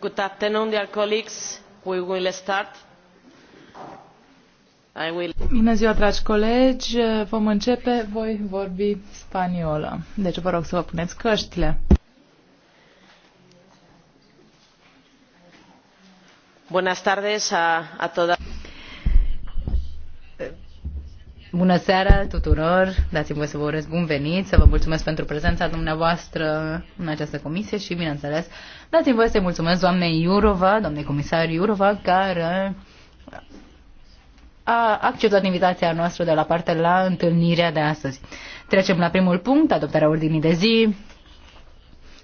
Good afternoon, dear colleagues. We will start. I will... Bună ziua, dragi colegi. Vom începe. Voi vorbi spaniolă. Deci vă rog să vă puneți căștile. Buenas tardes a, a Bună seara tuturor! Dați-mi voie să vă urez bun venit, să vă mulțumesc pentru prezența dumneavoastră în această comisie și, bineînțeles, dați-mi voie să-i mulțumesc doamnei Iurova, doamnei comisar Iurova, care a acceptat invitația noastră de la parte la întâlnirea de astăzi. Trecem la primul punct, adoptarea ordinii de zi.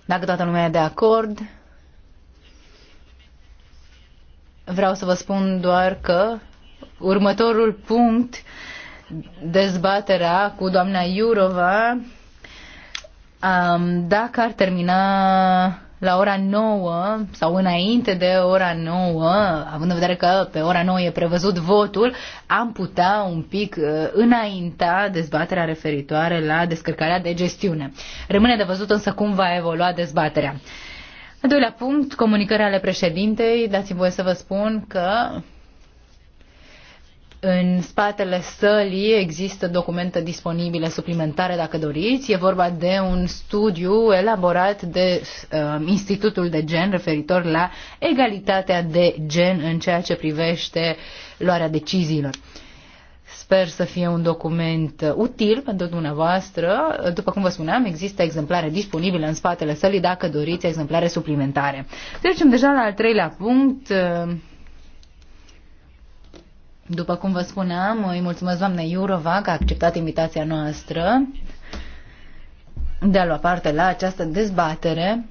Dacă toată lumea e de acord, vreau să vă spun doar că următorul punct dezbaterea cu doamna Iurova um, dacă ar termina la ora 9 sau înainte de ora 9, având în vedere că pe ora 9 e prevăzut votul, am putea un pic uh, înainta dezbaterea referitoare la descărcarea de gestiune. Rămâne de văzut însă cum va evolua dezbaterea. Al doilea punct, comunicarea ale președintei. Dați-mi voie să vă spun că în spatele sălii există documente disponibile suplimentare dacă doriți. E vorba de un studiu elaborat de uh, Institutul de Gen referitor la egalitatea de gen în ceea ce privește luarea deciziilor. Sper să fie un document util pentru dumneavoastră. După cum vă spuneam, există exemplare disponibile în spatele sălii dacă doriți exemplare suplimentare. Trecem deja la al treilea punct. Uh, după cum vă spuneam, îi mulțumesc doamne Iurova că a acceptat invitația noastră de a lua parte la această dezbatere.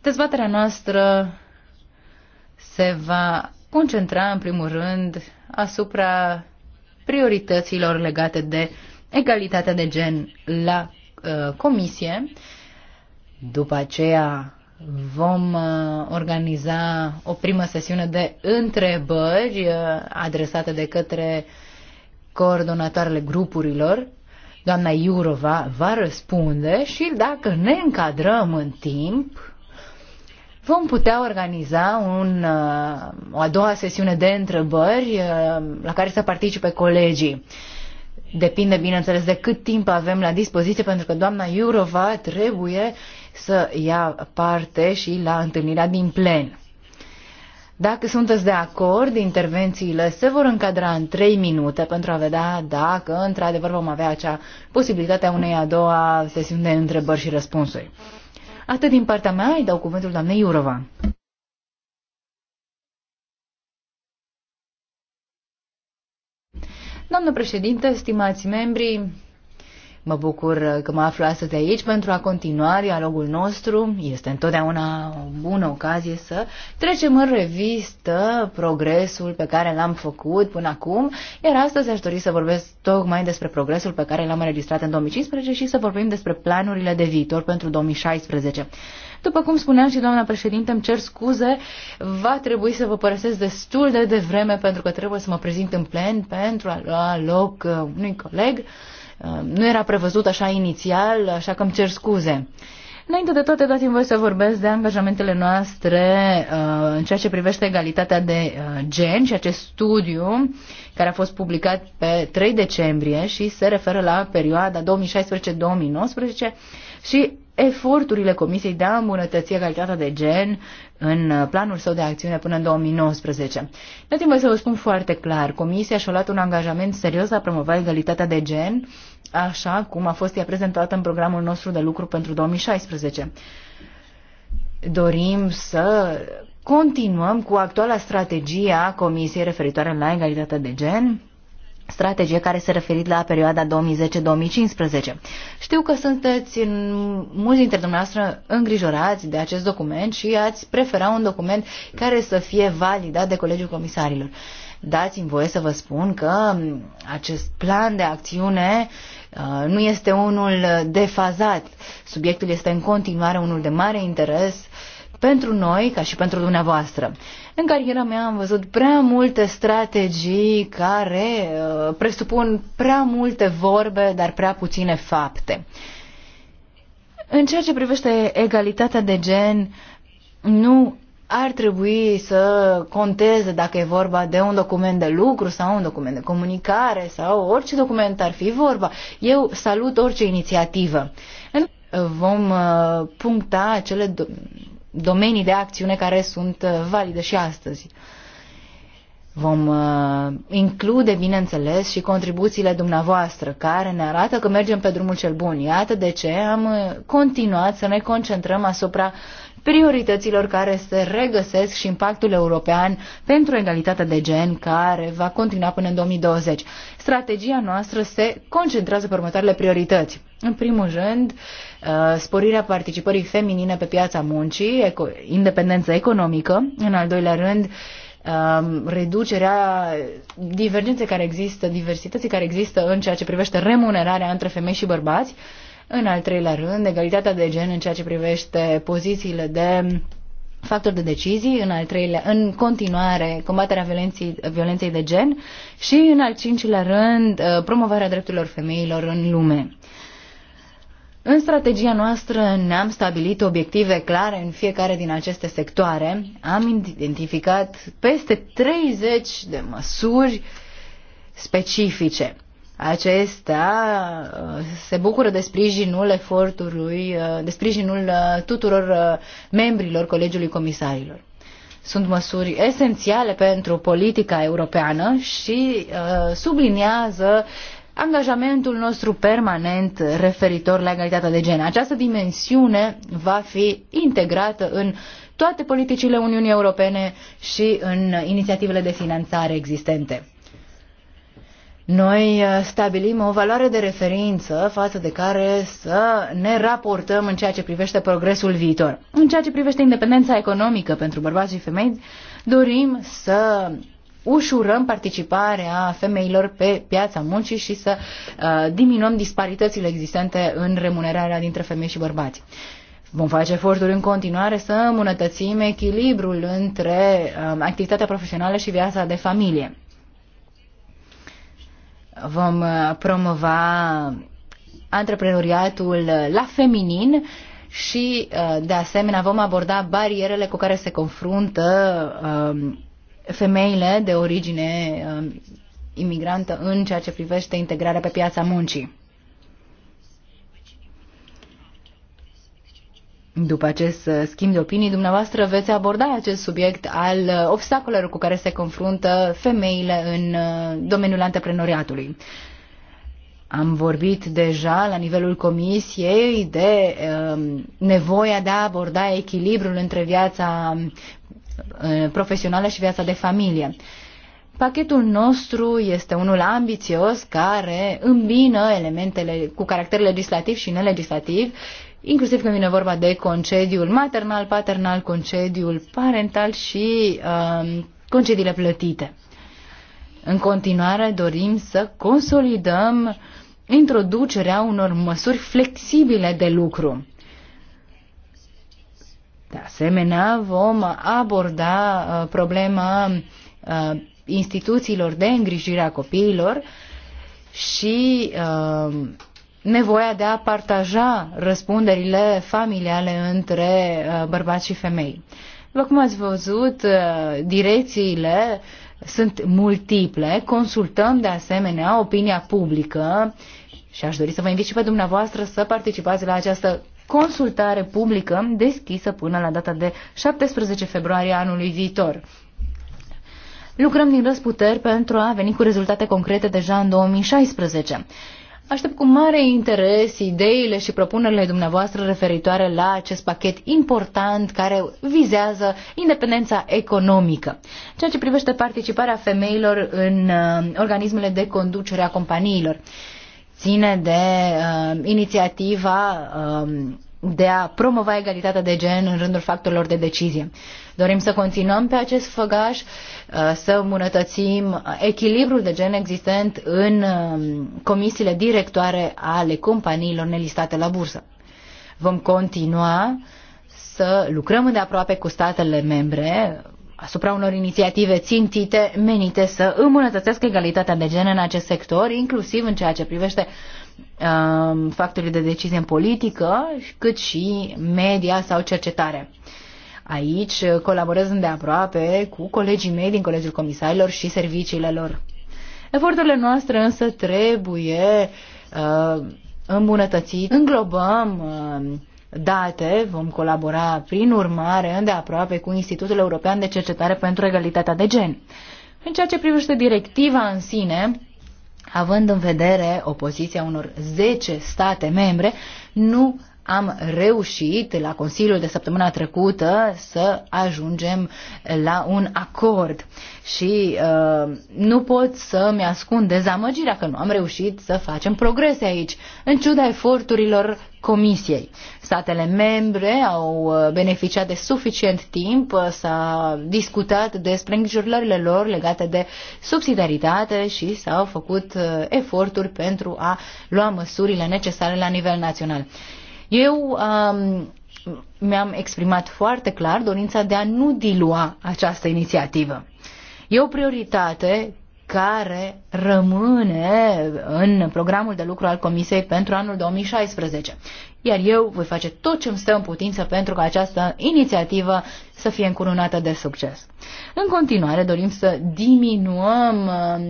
Dezbaterea noastră se va concentra în primul rând asupra priorităților legate de egalitatea de gen la uh, comisie. După aceea vom uh, organiza o primă sesiune de întrebări uh, adresate de către coordonatoarele grupurilor. Doamna Iurova va răspunde și dacă ne încadrăm în timp, vom putea organiza un, uh, o a doua sesiune de întrebări la care să participe colegii. Depinde, bineînțeles, de cât timp avem la dispoziție, pentru că doamna Iurova trebuie să ia parte și la întâlnirea din plen. Dacă sunteți de acord, intervențiile se vor încadra în 3 minute pentru a vedea dacă într-adevăr vom avea acea posibilitate a unei a doua sesiuni de întrebări și răspunsuri. Atât din partea mea, îi dau cuvântul doamnei Iurova. Doamnă președinte, stimați membri, Mă bucur că mă aflu astăzi aici pentru a continua dialogul nostru. Este întotdeauna o bună ocazie să trecem în revistă progresul pe care l-am făcut până acum, iar astăzi aș dori să vorbesc tocmai despre progresul pe care l-am înregistrat în 2015 și să vorbim despre planurile de viitor pentru 2016. După cum spuneam și doamna președinte, îmi cer scuze, va trebui să vă părăsesc destul de devreme pentru că trebuie să mă prezint în plen pentru a lua loc uh, unui coleg. Ehm, nu era prevăzut așa inițial, așa că îmi cer scuze. Înainte de toate, dați-mi voi să vorbesc de angajamentele noastre uh, în ceea ce privește egalitatea de uh, gen și acest studiu care a fost publicat pe 3 decembrie și se referă la perioada 2016-2019 și eforturile Comisiei de a îmbunătăți egalitatea de gen în planul său de acțiune până în 2019. dați timp să vă spun foarte clar, Comisia și-a luat un angajament serios la promova egalitatea de gen, așa cum a fost ea prezentată în programul nostru de lucru pentru 2016. Dorim să continuăm cu actuala strategie a Comisiei referitoare la egalitatea de gen, strategie care se referit la perioada 2010-2015. Știu că sunteți mulți dintre dumneavoastră îngrijorați de acest document și ați prefera un document care să fie validat de Colegiul Comisarilor. Dați-mi voie să vă spun că acest plan de acțiune uh, nu este unul defazat. Subiectul este în continuare unul de mare interes pentru noi, ca și pentru dumneavoastră. În cariera mea am văzut prea multe strategii care uh, presupun prea multe vorbe, dar prea puține fapte. În ceea ce privește egalitatea de gen, nu ar trebui să conteze dacă e vorba de un document de lucru sau un document de comunicare sau orice document ar fi vorba. Eu salut orice inițiativă. Vom uh, puncta acele domenii de acțiune care sunt uh, valide și astăzi. Vom uh, include, bineînțeles, și contribuțiile dumneavoastră, care ne arată că mergem pe drumul cel bun. Iată de ce am uh, continuat să ne concentrăm asupra priorităților care se regăsesc și impactul european pentru egalitatea de gen care va continua până în 2020. Strategia noastră se concentrează pe următoarele priorități. În primul rând, uh, sporirea participării feminine pe piața muncii, independență economică. În al doilea rând, Um, reducerea divergenței care există, diversității care există în ceea ce privește remunerarea între femei și bărbați. În al treilea rând, egalitatea de gen în ceea ce privește pozițiile de factori de decizii, în al treilea, în continuare, combaterea violenței, violenței de gen și, în al cincilea rând, uh, promovarea drepturilor femeilor în lume. În strategia noastră ne-am stabilit obiective clare în fiecare din aceste sectoare. Am identificat peste 30 de măsuri specifice. Acestea uh, se bucură de sprijinul efortului, uh, de sprijinul uh, tuturor membrilor Colegiului Comisarilor. Sunt măsuri esențiale pentru politica europeană și subliniază angajamentul nostru permanent referitor la egalitatea de gen. Această dimensiune va fi integrată în toate politicile Uniunii Europene și în inițiativele de finanțare existente. Noi uh, stabilim o valoare de referință față de care să ne raportăm în ceea ce privește progresul viitor. În ceea ce privește independența economică pentru bărbați și femei, dorim să ușurăm participarea femeilor pe piața muncii și să uh, diminuăm disparitățile existente în remunerarea dintre femei și bărbați. Vom face eforturi în continuare să îmbunătățim echilibrul între um, activitatea profesională și viața de familie. Vom uh, promova antreprenoriatul la feminin și, uh, de asemenea, vom aborda barierele cu care se confruntă um, femeile de origine um, imigrantă în ceea ce privește integrarea pe piața muncii. După acest uh, schimb de opinii, dumneavoastră veți aborda acest subiect al uh, obstacolelor cu care se confruntă femeile în uh, domeniul antreprenoriatului. Am vorbit deja la nivelul comisiei de um, nevoia de a aborda echilibrul între viața profesională și viața de familie. Pachetul nostru este unul ambițios care îmbină elementele cu caracter legislativ și nelegislativ, inclusiv când vine vorba de concediul maternal, paternal, concediul parental și uh, concediile plătite. În continuare dorim să consolidăm introducerea unor măsuri flexibile de lucru. De asemenea, vom aborda uh, problema uh, instituțiilor de îngrijire a copiilor și uh, nevoia de a partaja răspunderile familiale între bărbați și femei. După cum ați văzut, direcțiile sunt multiple, consultăm de asemenea opinia publică și aș dori să vă invit și pe dumneavoastră să participați la această consultare publică deschisă până la data de 17 februarie anului viitor. Lucrăm din răsputeri pentru a veni cu rezultate concrete deja în 2016. Aștept cu mare interes ideile și propunerile dumneavoastră referitoare la acest pachet important care vizează independența economică. Ceea ce privește participarea femeilor în uh, organismele de conducere a companiilor ține de uh, inițiativa uh, de a promova egalitatea de gen în rândul factorilor de decizie. Dorim să continuăm pe acest făgaș, uh, să îmbunătățim echilibrul de gen existent în um, comisiile directoare ale companiilor nelistate la bursă. Vom continua să lucrăm îndeaproape cu statele membre asupra unor inițiative țintite menite să îmbunătățească egalitatea de gen în acest sector, inclusiv în ceea ce privește uh, factorii de decizie în politică, cât și media sau cercetare. Aici colaborez îndeaproape cu colegii mei din Colegiul Comisarilor și serviciile lor. Eforturile noastre însă trebuie uh, îmbunătățite. Înglobăm uh, date. Vom colabora prin urmare îndeaproape cu Institutul European de Cercetare pentru Egalitatea de Gen. În ceea ce privește directiva în sine, având în vedere opoziția unor 10 state membre, nu am reușit la Consiliul de săptămâna trecută să ajungem la un acord și uh, nu pot să-mi ascund dezamăgirea că nu am reușit să facem progrese aici, în ciuda eforturilor Comisiei. Statele membre au uh, beneficiat de suficient timp, uh, s-a discutat despre îngrijorările lor legate de subsidiaritate și s-au făcut uh, eforturi pentru a lua măsurile necesare la nivel național. Eu um, mi-am exprimat foarte clar dorința de a nu dilua această inițiativă. E o prioritate care rămâne în programul de lucru al Comisiei pentru anul 2016. Iar eu voi face tot ce îmi stă în putință pentru ca această inițiativă să fie încurunată de succes. În continuare dorim să diminuăm um,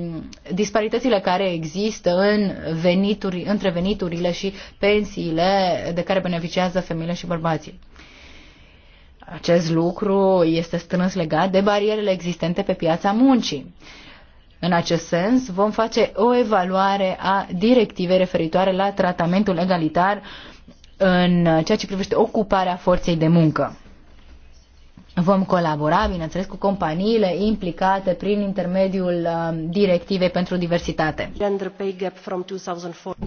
disparitățile care există în venituri, între veniturile și pensiile de care beneficiază femeile și bărbații. Acest lucru este strâns legat de barierele existente pe piața muncii. În acest sens, vom face o evaluare a directivei referitoare la tratamentul egalitar în ceea ce privește ocuparea forței de muncă. Vom colabora, bineînțeles, cu companiile implicate prin intermediul uh, Directivei pentru Diversitate.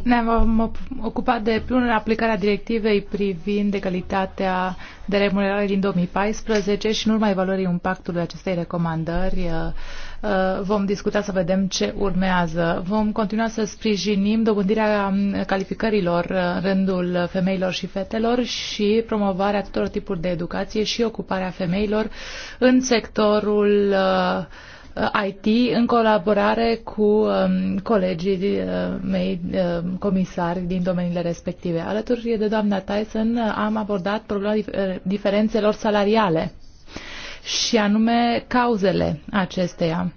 Ne vom ocupa de punerea aplicarea directivei privind egalitatea de remunerare din 2014 și în urma evaluării impactului acestei recomandări uh, Uh, vom discuta să vedem ce urmează. Vom continua să sprijinim dobândirea um, calificărilor uh, în rândul femeilor și fetelor și promovarea tuturor tipuri de educație și ocuparea femeilor în sectorul uh, IT în colaborare cu um, colegii mei comisari din domeniile respective. Alături de doamna Tyson am abordat problema diferențelor salariale și anume cauzele acesteia,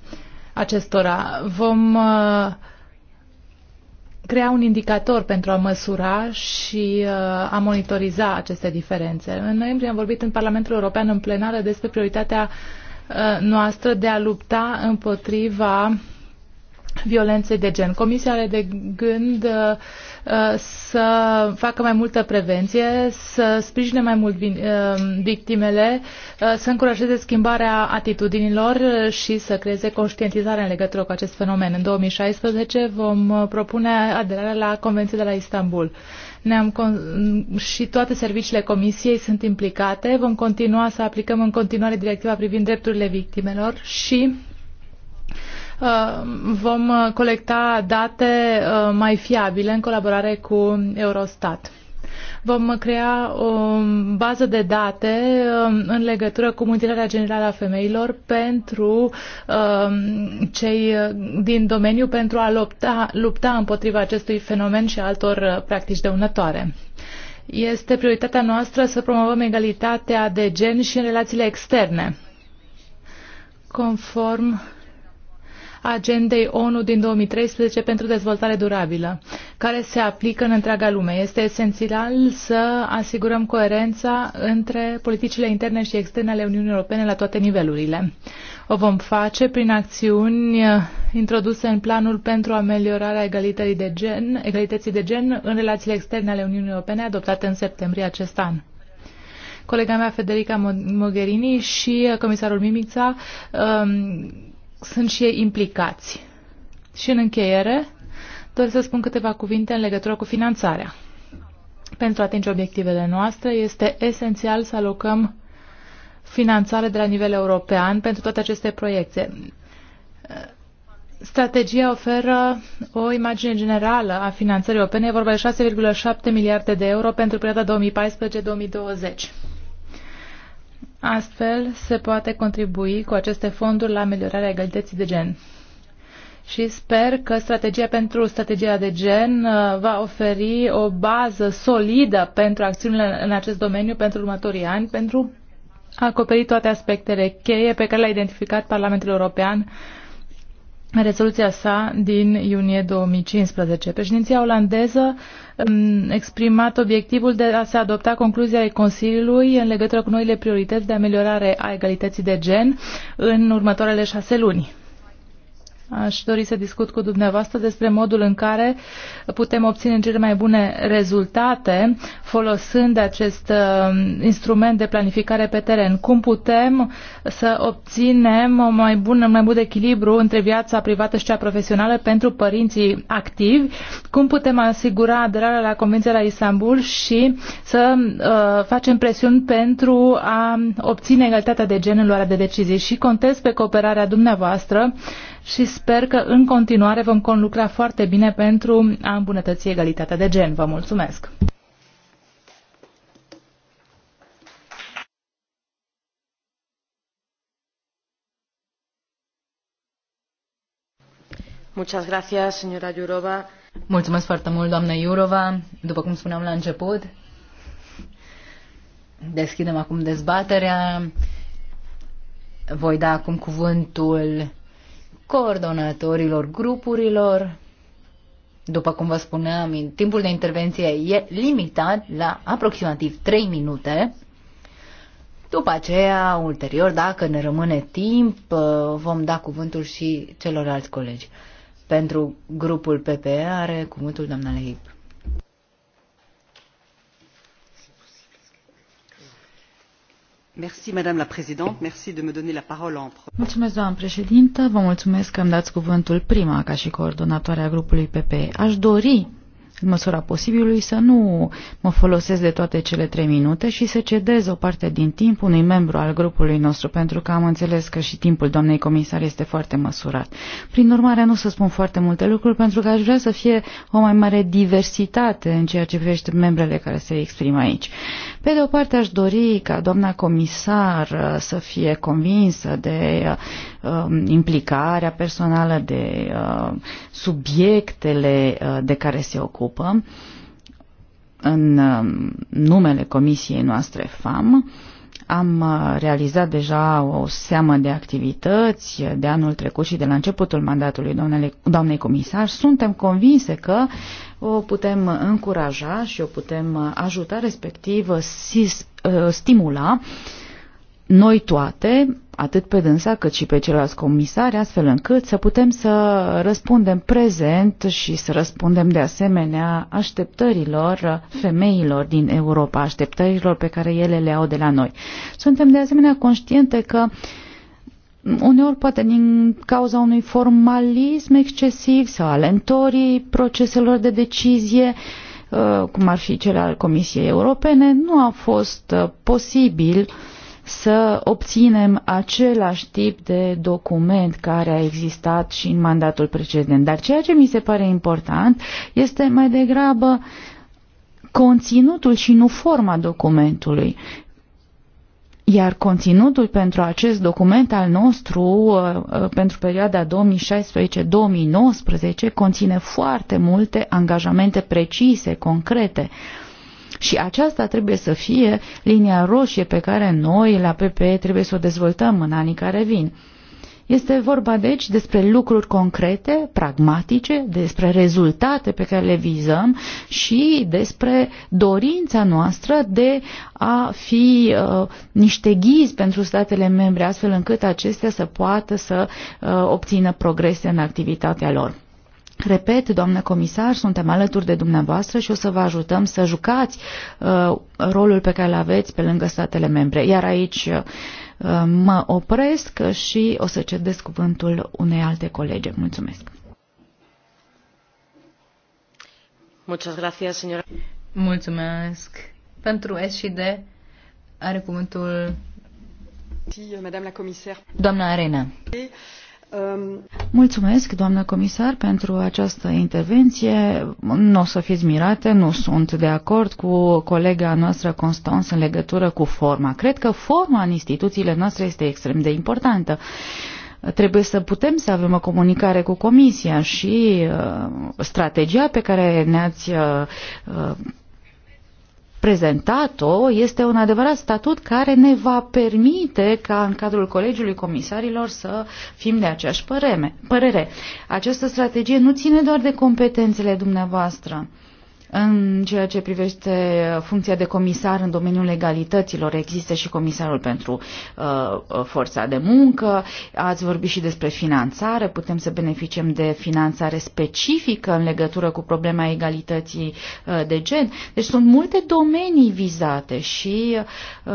acestora. Vom uh, crea un indicator pentru a măsura și uh, a monitoriza aceste diferențe. În noiembrie am vorbit în Parlamentul European în plenară despre prioritatea uh, noastră de a lupta împotriva violențe de gen. Comisia are de gând uh, uh, să facă mai multă prevenție, să sprijine mai mult uh, victimele, uh, să încurajeze schimbarea atitudinilor și să creeze conștientizare în legătură cu acest fenomen. În 2016 vom uh, propune aderarea la Convenția de la Istanbul. Ne-am și toate serviciile Comisiei sunt implicate. Vom continua să aplicăm în continuare directiva privind drepturile victimelor și Uh, vom uh, colecta date uh, mai fiabile în colaborare cu Eurostat. Vom crea o bază de date în legătură cu mutilarea generală a femeilor pentru cei din domeniu pentru a lupta, lupta împotriva acestui fenomen și altor practici dăunătoare. Este prioritatea noastră să promovăm egalitatea de gen și în relațiile externe, conform agendei ONU din 2013 pentru dezvoltare durabilă, care se aplică în întreaga lume. Este esențial să asigurăm coerența între politicile interne și externe ale Uniunii Europene la toate nivelurile. O vom face prin acțiuni introduse în planul pentru ameliorarea egalității de gen, egalității de gen în relațiile externe ale Uniunii Europene adoptate în septembrie acest an colega mea Federica Mogherini și comisarul Mimica. um, sunt și ei implicați. Și în încheiere, doresc să spun câteva cuvinte în legătură cu finanțarea. Pentru a atinge obiectivele noastre, este esențial să alocăm finanțare de la nivel european pentru toate aceste proiecte. Strategia oferă o imagine generală a finanțării europene, e vorba de 6,7 miliarde de euro pentru perioada 2014-2020. Astfel se poate contribui cu aceste fonduri la ameliorarea egalității de gen. Și sper că strategia pentru strategia de gen uh, va oferi o bază solidă pentru acțiunile în acest domeniu pentru următorii ani, pentru a acoperi toate aspectele cheie pe care le-a identificat Parlamentul European în rezoluția sa din iunie 2015. Președinția olandeză um, exprimat obiectivul de a se adopta concluziile Consiliului în legătură cu noile priorități de ameliorare a egalității de gen în următoarele șase luni. Aș dori să discut cu dumneavoastră despre modul în care putem obține cele mai bune rezultate folosind acest uh, instrument de planificare pe teren. Cum putem să obținem un mai bun, mai bun echilibru între viața privată și cea profesională pentru părinții activi? Cum putem asigura aderarea la Convenția la Istanbul și să uh, facem presiuni pentru a obține egalitatea de gen în luarea de decizii? Și contez pe cooperarea dumneavoastră uh, și sper că în continuare vom conlucra foarte bine pentru a îmbunătăți egalitatea de gen. Vă mulțumesc! Mulțumesc foarte mult, doamna Yurova. După cum spuneam la început, deschidem acum dezbaterea. Voi da acum cuvântul coordonatorilor grupurilor. După cum vă spuneam, timpul de intervenție e limitat la aproximativ 3 minute. După aceea, ulterior, dacă ne rămâne timp, uh, vom da cuvântul și celorlalți colegi. Pentru grupul PPE are cuvântul doamna Leip. Mulțumesc, doamnă președintă. Vă mulțumesc că îmi dați cuvântul prima ca și coordonatoare a grupului PPE. Aș dori în măsura posibilului, să nu mă folosesc de toate cele trei minute și să cedez o parte din timp unui membru al grupului nostru, pentru că am înțeles că și timpul doamnei comisar este foarte măsurat. Prin urmare, nu să spun foarte multe lucruri, pentru că aș vrea să fie o mai mare diversitate în ceea ce privește membrele care se exprimă aici. Pe de o parte, aș dori ca doamna comisar uh, să fie convinsă de uh, um, implicarea personală, de uh, subiectele uh, de care se ocupă ocupă în um, numele comisiei noastre FAM. Am uh, realizat deja o seamă de activități de anul trecut și de la începutul mandatului doamnele, doamnei comisar. Suntem convinse că o putem încuraja și o putem uh, ajuta, respectiv uh, stimula noi toate atât pe dânsa cât și pe celălalt comisari, astfel încât să putem să răspundem prezent și să răspundem de asemenea așteptărilor femeilor din Europa, așteptărilor pe care ele le au de la noi. Suntem de asemenea conștiente că uneori poate din cauza unui formalism excesiv sau alentorii proceselor de decizie, uh, cum ar fi cel al Comisiei Europene, nu a fost uh, posibil uh, să obținem același tip de document care a existat și în mandatul precedent. Dar ceea ce mi se pare important este mai degrabă conținutul și nu forma documentului iar conținutul pentru acest document al nostru uh, uh, pentru perioada 2016-2019 conține foarte multe angajamente precise, concrete. Și aceasta trebuie să fie linia roșie pe care noi la PP, trebuie să o dezvoltăm în anii care vin. Este vorba deci despre lucruri concrete, pragmatice, despre rezultate pe care le vizăm și despre dorința noastră de a fi uh, niște ghizi pentru statele membre, astfel încât acestea să poată să uh, obțină progrese în activitatea lor. Repet, doamnă comisar, suntem alături de dumneavoastră și o să vă ajutăm să jucați uh, rolul pe care îl aveți pe lângă statele membre. Iar aici uh, mă opresc și o să cedez cuvântul unei alte colege. Mulțumesc. Mulțumesc. Pentru S și D are cuvântul euh, Comisar. Doamna Arena. Um, Mulțumesc, doamnă comisar, pentru această intervenție. Nu o să fiți mirate, nu sunt de acord cu colega noastră Constans în legătură cu forma. Cred că forma în instituțiile noastre este extrem de importantă trebuie să putem să avem o comunicare cu Comisia și uh, strategia pe care ne-ați uh, uh prezentat-o este un adevărat statut care ne va permite ca în cadrul Colegiului Comisarilor să fim de aceeași păreme, părere. Această strategie nu ține doar de competențele dumneavoastră. În ceea ce privește funcția de comisar în domeniul legalităților, există și comisarul pentru uh, uh, forța de muncă, ați vorbit și despre finanțare, putem să beneficiem de finanțare specifică în legătură cu problema egalității uh, de gen. Deci sunt multe domenii vizate și uh,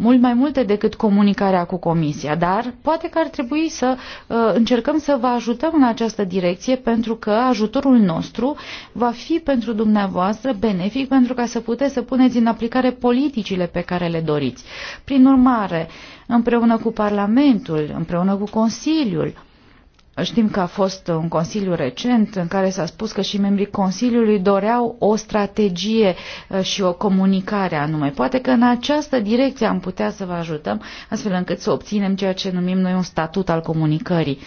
mult mai multe decât comunicarea cu comisia, dar poate că ar trebui să uh, încercăm să vă ajutăm în această direcție pentru că ajutorul nostru va fi pentru dumneavoastră dumneavoastră benefic pentru ca să puteți să puneți în aplicare politicile pe care le doriți. Prin urmare, împreună cu Parlamentul, împreună cu Consiliul, Știm că a fost un consiliu recent în care s-a spus că și membrii consiliului doreau o strategie uh, și o comunicare anume. Poate că în această direcție am putea să vă ajutăm astfel încât să obținem ceea ce numim noi un statut al comunicării.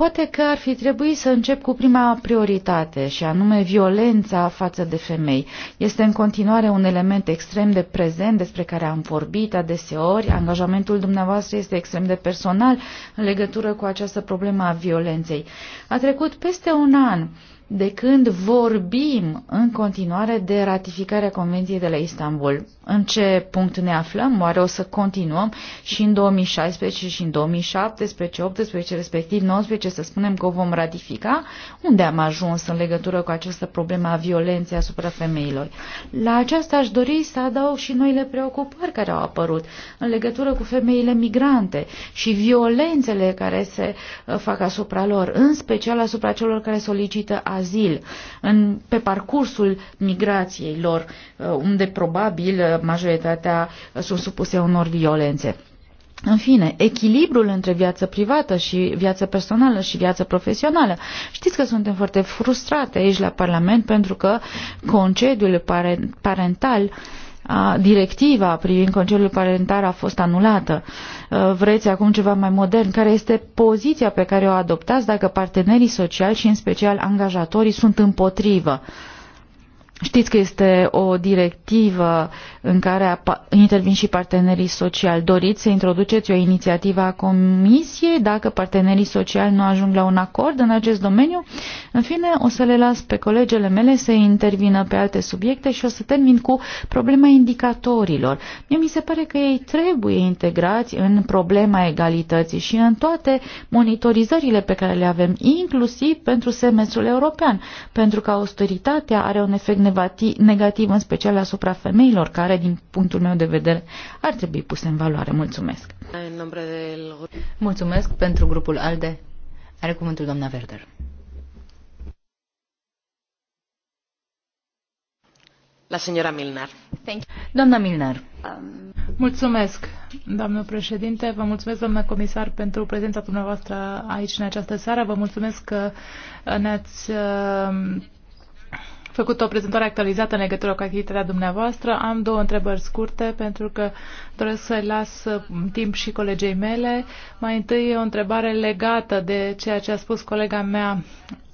Poate că ar fi trebuit să încep cu prima prioritate, și anume violența față de femei. Este în continuare un element extrem de prezent despre care am vorbit adeseori. Angajamentul dumneavoastră este extrem de personal în legătură cu această problemă a violenței. A trecut peste un an de când vorbim în continuare de ratificarea Convenției de la Istanbul. În ce punct ne aflăm? Oare o să continuăm și în 2016 și în 2017, 2018, respectiv 19 să spunem că o vom ratifica? Unde am ajuns în legătură cu această problemă a violenței asupra femeilor? La aceasta aș dori să adaug și noile preocupări care au apărut în legătură cu femeile migrante și violențele care se uh, fac asupra lor, în special asupra celor care solicită azil, în, pe parcursul migrației lor, uh, unde probabil uh, majoritatea sunt supuse unor violențe. În fine, echilibrul între viață privată și viață personală și viață profesională. Știți că suntem foarte frustrate aici la Parlament pentru că concediul parental a, directiva privind concediul parentar a fost anulată. Vreți acum ceva mai modern? Care este poziția pe care o adoptați dacă partenerii sociali și în special angajatorii sunt împotrivă? Uh, Știți că este o directivă în care intervin și partenerii sociali. Doriți să introduceți o inițiativă a Comisiei dacă partenerii sociali nu ajung la un acord în acest domeniu? În fine, o să le las pe colegele mele să intervină pe alte subiecte și o să termin cu problema indicatorilor. Mie mi se pare că ei trebuie integrați în problema egalității și în toate monitorizările pe care le avem, inclusiv pentru semestrul european, pentru că austeritatea are un efect negativ, în special asupra femeilor, care, din punctul meu de vedere, ar trebui puse în valoare. Mulțumesc! Mulțumesc pentru grupul ALDE. Are cuvântul doamna Verder. La señora Milnar. Thank you. Doamna Milnar. Um, mulțumesc, doamnă președinte, vă mulțumesc, doamna comisar, pentru prezența dumneavoastră aici în această seară. Vă mulțumesc că ne-ați uh, făcut o prezentare actualizată în legătură cu activitatea dumneavoastră. Am două întrebări scurte pentru că doresc să las uh, timp și colegei mele. Mai întâi o întrebare legată de ceea ce a spus colega mea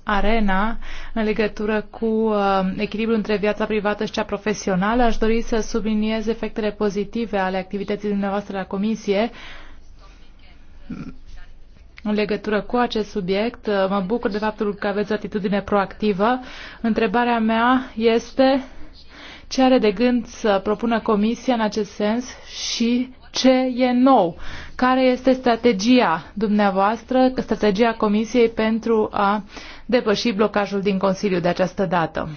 arena în legătură cu uh, echilibrul între viața privată și cea profesională. Aș dori să subliniez efectele pozitive ale activității dumneavoastră la comisie în legătură cu acest subiect. Uh, mă bucur de faptul că aveți o atitudine proactivă. Întrebarea mea este ce are de gând să propună Comisia în acest sens și ce e nou? Care este strategia dumneavoastră, strategia Comisiei pentru a depăși blocajul din Consiliu de această dată?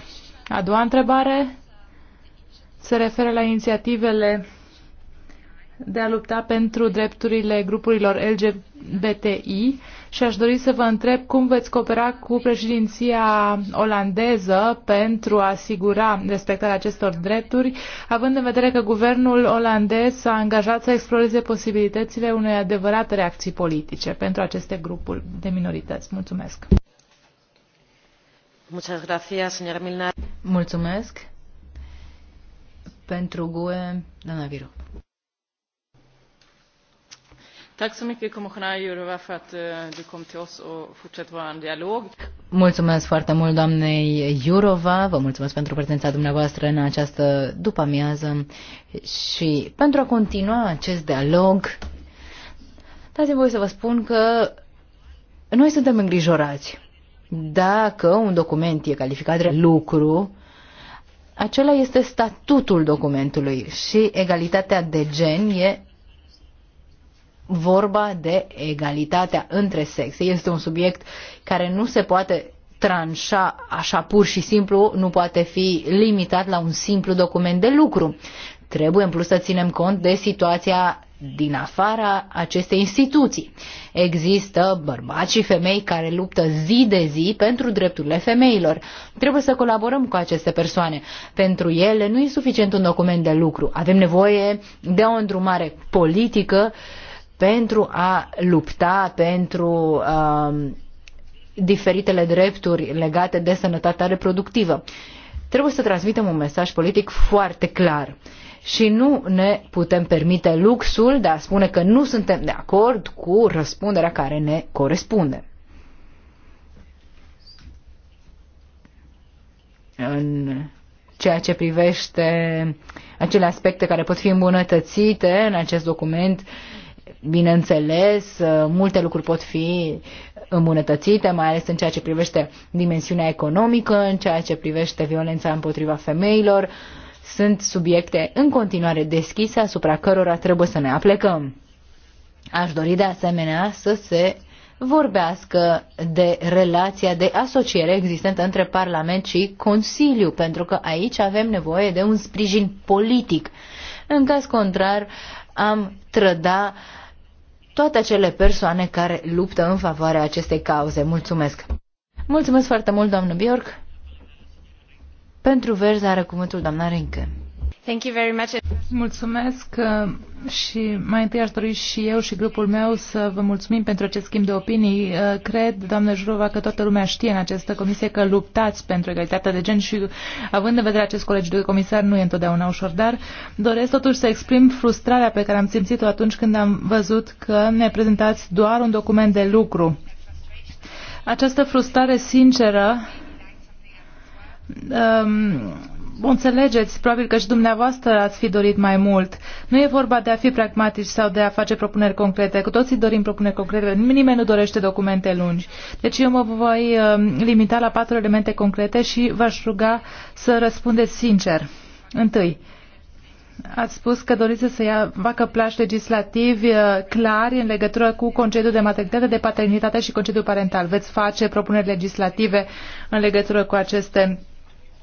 A doua întrebare se referă la inițiativele de a lupta pentru drepturile grupurilor LGBTI și aș dori să vă întreb cum veți coopera cu președinția olandeză pentru a asigura respectarea acestor drepturi, având în vedere că guvernul olandez s-a angajat să exploreze posibilitățile unei adevărate reacții politice pentru aceste grupuri de minorități. Mulțumesc! Mulțumesc! Pentru GUE, doamna Viru. Eh, mulțumesc foarte mult doamnei Jurova, vă mulțumesc pentru prezența dumneavoastră în această după-amiază și pentru a continua acest dialog, dați-mi voi să vă spun că noi suntem îngrijorați. Dacă un document e calificat de lucru, acela este statutul documentului și egalitatea de gen e vorba de egalitatea între sexe. Este un subiect care nu se poate tranșa așa pur și simplu, nu poate fi limitat la un simplu document de lucru. Trebuie în plus să ținem cont de situația din afara acestei instituții. Există bărbați și femei care luptă zi de zi pentru drepturile femeilor. Trebuie să colaborăm cu aceste persoane. Pentru ele nu e suficient un document de lucru. Avem nevoie de o îndrumare politică uh, pentru a lupta pentru um, diferitele drepturi legate de sănătatea reproductivă. Trebuie să transmitem un mesaj politic foarte clar și nu ne putem permite luxul de a spune că nu suntem de acord cu răspunderea care ne corespunde. În ceea ce privește acele aspecte care pot fi îmbunătățite în acest document, uh, Bineînțeles, uh, multe lucruri pot fi îmbunătățite, mai ales în ceea ce privește dimensiunea economică, în ceea ce privește violența împotriva femeilor. Sunt subiecte în continuare deschise asupra cărora trebuie să ne aplecăm. Aș dori de asemenea să se vorbească de relația de asociere existentă între Parlament și Consiliu, pentru că aici avem nevoie de un sprijin politic. În caz contrar, am trăda uh, toate acele persoane care luptă în favoarea acestei cauze. Mulțumesc! Mulțumesc foarte mult, doamnă Bjork! Pentru verzi are cuvântul doamna Rinke. Mulțumesc uh, și mai întâi aș dori și eu și grupul meu să vă mulțumim pentru acest schimb de opinii. Uh, cred, doamnă Jurova, că toată lumea știe în această comisie că luptați pentru egalitatea de gen și având în vedere acest colegi de comisar nu e întotdeauna ușor, dar doresc totuși să exprim frustrarea pe care am simțit-o atunci când am văzut că ne prezentați doar un document de lucru. Această frustrare sinceră um, înțelegeți, probabil că și dumneavoastră ați fi dorit mai mult. Nu e vorba de a fi pragmatici sau de a face propuneri concrete. Cu toții dorim propuneri concrete. Nimeni nu dorește documente lungi. Deci eu mă voi uh, limita la patru elemente concrete și v-aș ruga să răspundeți sincer. Întâi, Ați spus că doriți să ia, facă plași legislativi uh, clari în legătură cu concediul de maternitate, de paternitate și concediul parental. Veți face propuneri legislative în legătură cu aceste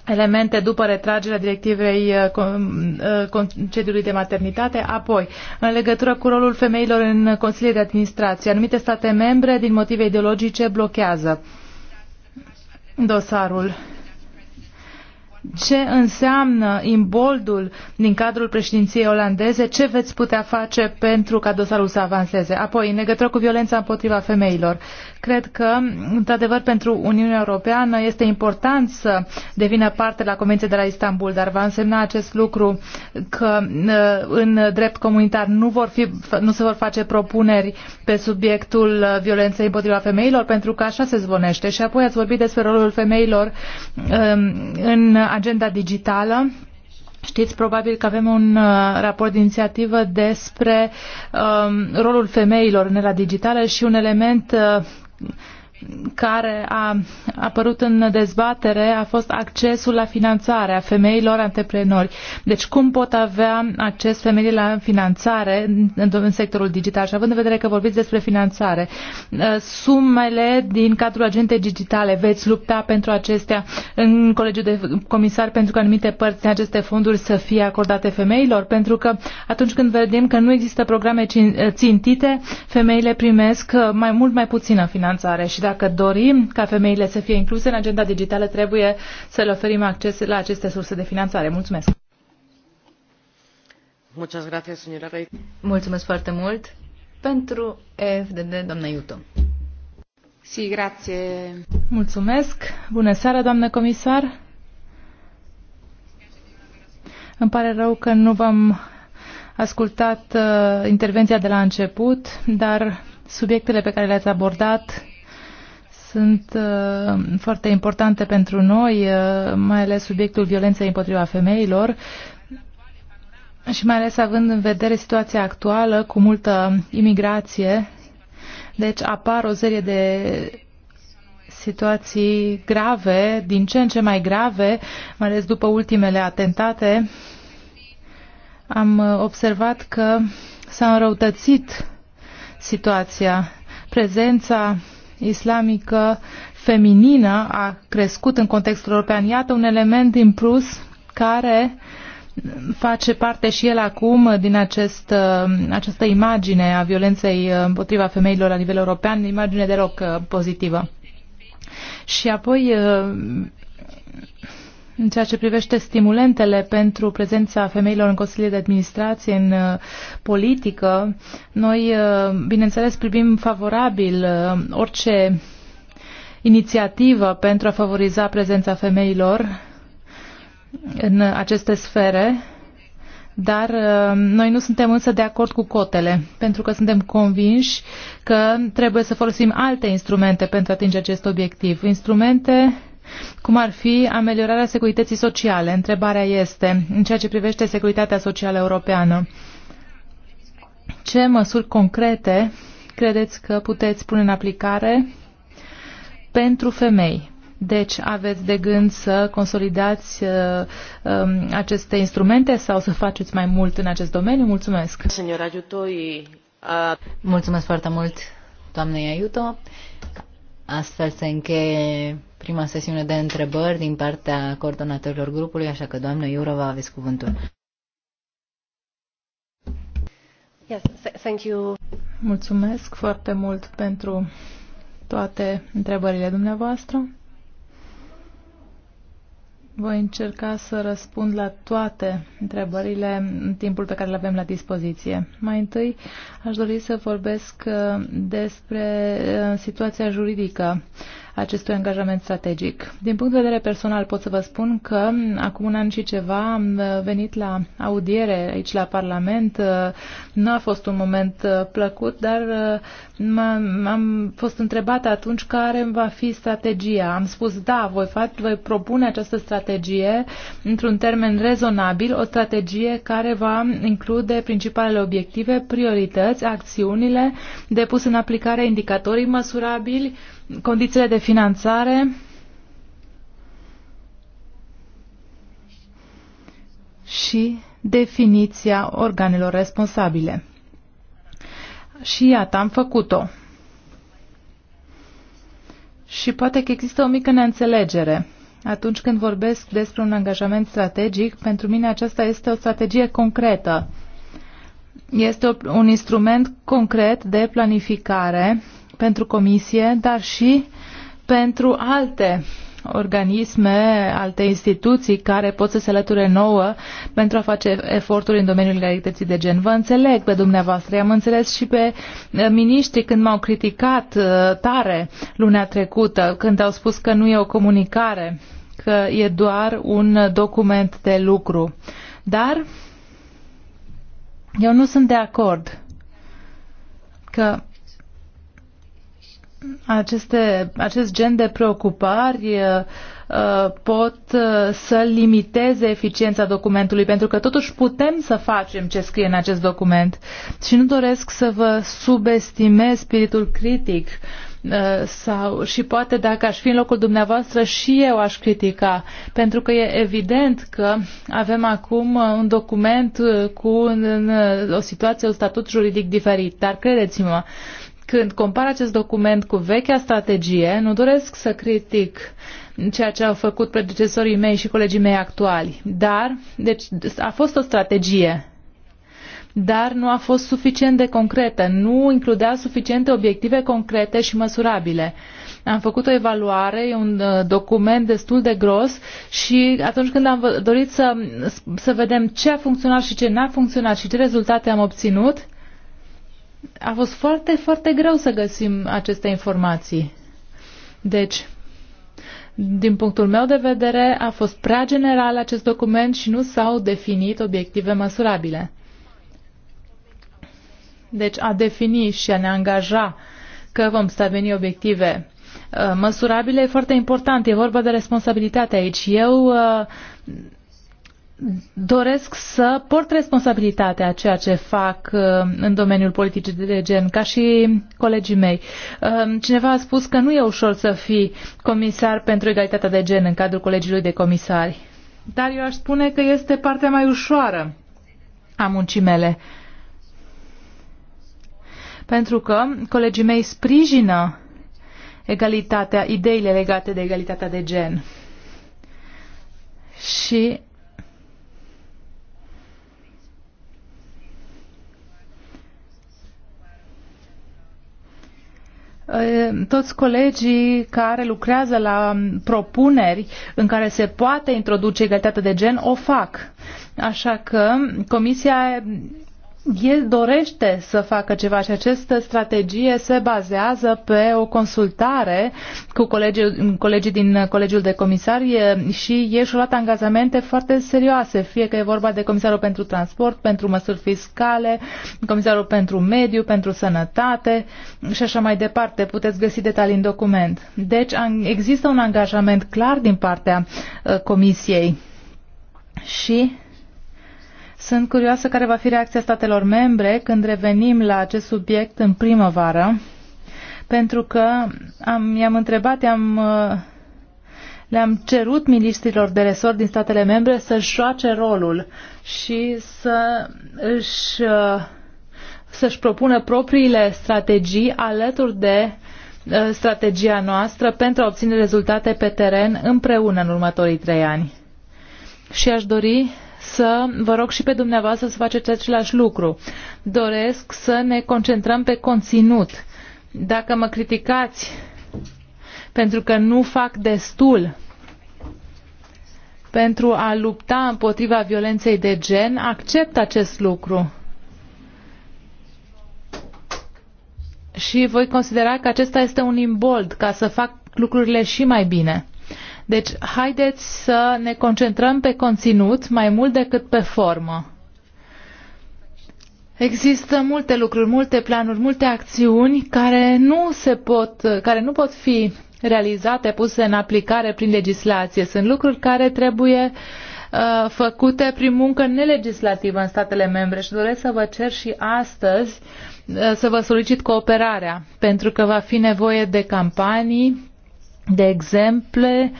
elemente după retragerea directivei uh, uh, concediului de maternitate. Apoi, în legătură cu rolul femeilor în Consiliul de Administrație, anumite state membre, din motive ideologice, blochează dosarul ce înseamnă imboldul din cadrul președinției olandeze, ce veți putea face pentru ca dosarul să avanseze. Apoi, în legătură cu violența împotriva femeilor, cred că, într-adevăr, pentru Uniunea Europeană este important să devină parte la Convenția de la Istanbul, dar va însemna acest lucru că uh, în drept comunitar nu, vor fi, nu se vor face propuneri pe subiectul violenței împotriva femeilor, pentru că așa se zvonește. Și apoi ați vorbit despre rolul femeilor um, în agenda digitală. Știți probabil că avem un uh, raport de inițiativă despre uh, rolul femeilor în era digitală și un element uh, care a apărut în dezbatere a fost accesul la finanțare a femeilor antreprenori. Deci cum pot avea acces femeile la finanțare în, în sectorul digital? Și având în vedere că vorbiți despre finanțare, ă, sumele din cadrul agentei digitale, veți lupta pentru acestea în colegiul de comisar pentru că anumite părți din aceste fonduri să fie acordate femeilor? Pentru că atunci când vedem că nu există programe țintite, femeile primesc ă, mai mult mai puțină finanțare și dacă dorim ca femeile să fie incluse în agenda digitală, trebuie să le oferim acces la aceste surse de finanțare. Mulțumesc! Mulțumesc foarte mult pentru FDD, doamna Iuto. Si, grație. Mulțumesc. Bună seara, doamnă comisar. Îmi pare rău că nu v-am ascultat uh, intervenția de la început, dar subiectele pe care le-ați abordat sunt uh, foarte importante pentru noi, uh, mai ales subiectul violenței împotriva femeilor și mai ales având în vedere situația actuală cu multă imigrație. Deci apar o serie de situații grave, din ce în ce mai grave, mai ales după ultimele atentate, am uh, observat că s-a înrăutățit situația. Prezența islamică feminină a crescut în contextul european. Iată un element în plus care face parte și el acum din acest, uh, această imagine a violenței împotriva femeilor la nivel european, imagine deloc uh, pozitivă. Și apoi uh, în ceea ce privește stimulentele pentru prezența femeilor în consiliile de administrație, în uh, politică, noi, uh, bineînțeles, privim favorabil uh, orice inițiativă pentru a favoriza prezența femeilor în aceste sfere, dar noi nu suntem însă de acord cu cotele, pentru că suntem convinși că trebuie să folosim alte instrumente pentru a atinge acest obiectiv. Instrumente cum ar fi ameliorarea securității sociale. Întrebarea este, în ceea ce privește securitatea socială europeană, ce măsuri concrete credeți că puteți pune în aplicare pentru femei? Deci aveți de gând să consolidați uh, um, aceste instrumente sau să faceți mai mult în acest domeniu? Mulțumesc! Uh, Mulțumesc foarte mult, doamnei Aiuto! Astfel se încheie prima sesiune de întrebări din partea coordonatorilor grupului, așa că, doamnă Iurova, aveți cuvântul. Yes, thank you. Mulțumesc foarte mult pentru toate întrebările dumneavoastră. Voi încerca să răspund la toate întrebările în timpul pe care le avem la dispoziție. Mai întâi, aș dori să vorbesc uh, despre uh, situația juridică acestui angajament strategic. Din punct de vedere personal pot să vă spun că acum un an și ceva am venit la audiere aici la Parlament. Nu a fost un moment uh, plăcut, dar uh, am fost întrebat atunci care va fi strategia. Am spus da, voi, fac, voi propune această strategie într-un termen rezonabil, o strategie care va include principalele obiective, priorități, acțiunile, depus în aplicare indicatorii măsurabili, condițiile de finanțare și definiția organelor responsabile. Și iată, am făcut-o. Și poate că există o mică neînțelegere. Atunci când vorbesc despre un angajament strategic, pentru mine aceasta este o strategie concretă. Este un instrument concret de planificare pentru comisie, dar și pentru alte organisme, alte instituții care pot să se alăture nouă pentru a face eforturi în domeniul egalității de gen. Vă înțeleg pe dumneavoastră, i-am înțeles și pe eh, miniștri când m-au criticat eh, tare luna trecută, când au spus că nu e o comunicare, că e doar un document de lucru. Dar eu nu sunt de acord că aceste, acest gen de preocupări uh, uh, pot uh, să limiteze eficiența documentului, pentru că totuși putem să facem ce scrie în acest document. Și nu doresc să vă subestimez spiritul critic sau și poate dacă aș fi în locul dumneavoastră și eu aș critica, pentru că e evident că avem acum un document cu un, o situație, un statut juridic diferit, dar credeți-mă, uh, când compar acest document cu vechea strategie, nu doresc să critic ceea ce au făcut predecesorii mei și colegii mei actuali, dar deci, a fost o strategie dar nu a fost suficient de concretă, nu includea suficiente obiective concrete și măsurabile. Am făcut o evaluare, e un uh, document destul de gros și atunci când am dorit să, să vedem ce a funcționat și ce n-a funcționat și ce rezultate am obținut, a fost foarte, foarte greu să găsim aceste informații. Deci, din punctul meu de vedere, a fost prea general acest document și nu s-au definit obiective măsurabile. Deci a defini și a ne angaja că vom stabili obiective uh, măsurabile e foarte important. E vorba de responsabilitate aici. Eu uh, doresc să port responsabilitatea a ceea ce fac uh, în domeniul politicii de gen, ca și colegii mei. Uh, cineva a spus că nu e ușor să fii comisar pentru egalitatea de gen în cadrul colegiului de comisari. Dar eu aș spune că este partea mai ușoară a muncii mele. Pentru că colegii mei sprijină egalitatea, ideile legate de egalitatea de gen. Și Eh, toți colegii care lucrează la propuneri în care se poate introduce egalitatea de gen o fac. Așa că Comisia el dorește să facă ceva și această strategie se bazează pe o consultare cu colegii, colegii din Colegiul de Comisari și e și-au luat angajamente foarte serioase, fie că e vorba de Comisarul pentru Transport, pentru măsuri fiscale, Comisarul pentru Mediu, pentru Sănătate și așa mai departe. Puteți găsi detalii în document. Deci există un angajament clar din partea uh, Comisiei și sunt curioasă care va fi reacția statelor membre când revenim la acest subiect în primăvară, pentru că am, i-am întrebat, i-am, uh, le-am cerut ministrilor de resort din statele membre să-și joace rolul și să își, uh, să-și propună propriile strategii alături de uh, strategia noastră pentru a obține rezultate pe teren împreună în următorii trei ani. Și aș dori să vă rog și pe dumneavoastră să faceți același lucru. Doresc să ne concentrăm pe conținut. Dacă mă criticați pentru că nu fac destul pentru a lupta împotriva violenței de gen, accept acest lucru. Și voi considera că acesta este un imbold ca să fac lucrurile și mai bine. Deci, haideți să ne concentrăm pe conținut mai mult decât pe formă. Există multe lucruri, multe planuri, multe acțiuni care nu se pot, care nu pot fi realizate, puse în aplicare prin legislație. Sunt lucruri care trebuie uh, făcute prin muncă nelegislativă în statele membre și doresc să vă cer și astăzi uh, să vă solicit cooperarea, pentru că va fi nevoie de campanii de exemple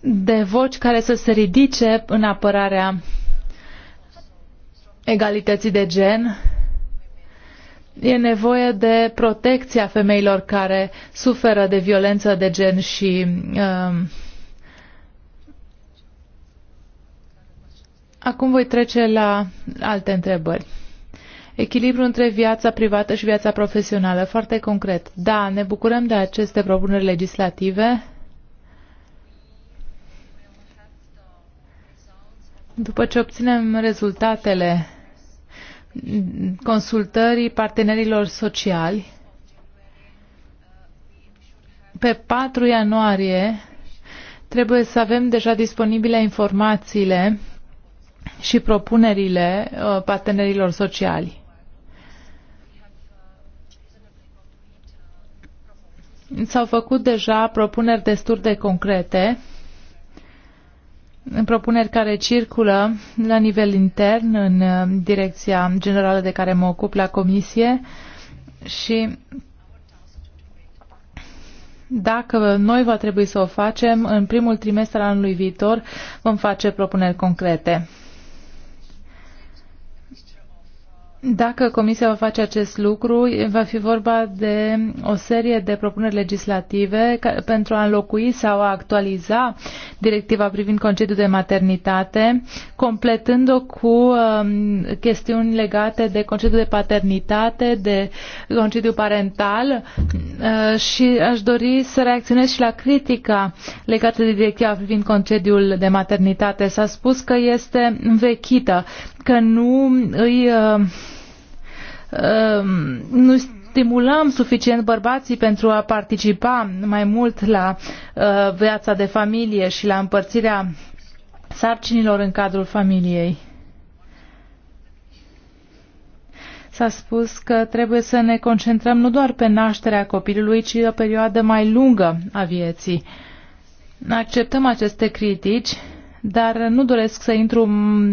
de voci care să se ridice în apărarea egalității de gen. E nevoie de protecția femeilor care suferă de violență de gen și uh, Acum voi trece la alte întrebări. Echilibru între viața privată și viața profesională, foarte concret. Da, ne bucurăm de aceste propuneri legislative. După ce obținem rezultatele consultării partenerilor sociali, pe 4 ianuarie trebuie să avem deja disponibile informațiile și propunerile uh, partenerilor sociali. S-au făcut deja propuneri destul de concrete, propuneri care circulă la nivel intern în uh, direcția generală de care mă ocup la comisie și dacă noi va trebui să o facem, în primul trimestru al anului viitor vom face propuneri concrete. Dacă Comisia va face acest lucru, va fi vorba de o serie de propuneri legislative pentru a înlocui sau a actualiza directiva privind concediul de maternitate, completând-o cu um, chestiuni legate de concediul de paternitate, de concediu parental uh, și aș dori să reacționez și la critica legată de directiva privind concediul de maternitate. S-a spus că este învechită, că nu îi uh, Ehm, nu stimulăm suficient bărbații pentru a participa mai mult la eh, viața de familie și la împărțirea sarcinilor în cadrul familiei. S-a spus că trebuie să ne concentrăm nu doar pe nașterea copilului, ci o perioadă mai lungă a vieții. Acceptăm aceste critici dar nu doresc să intru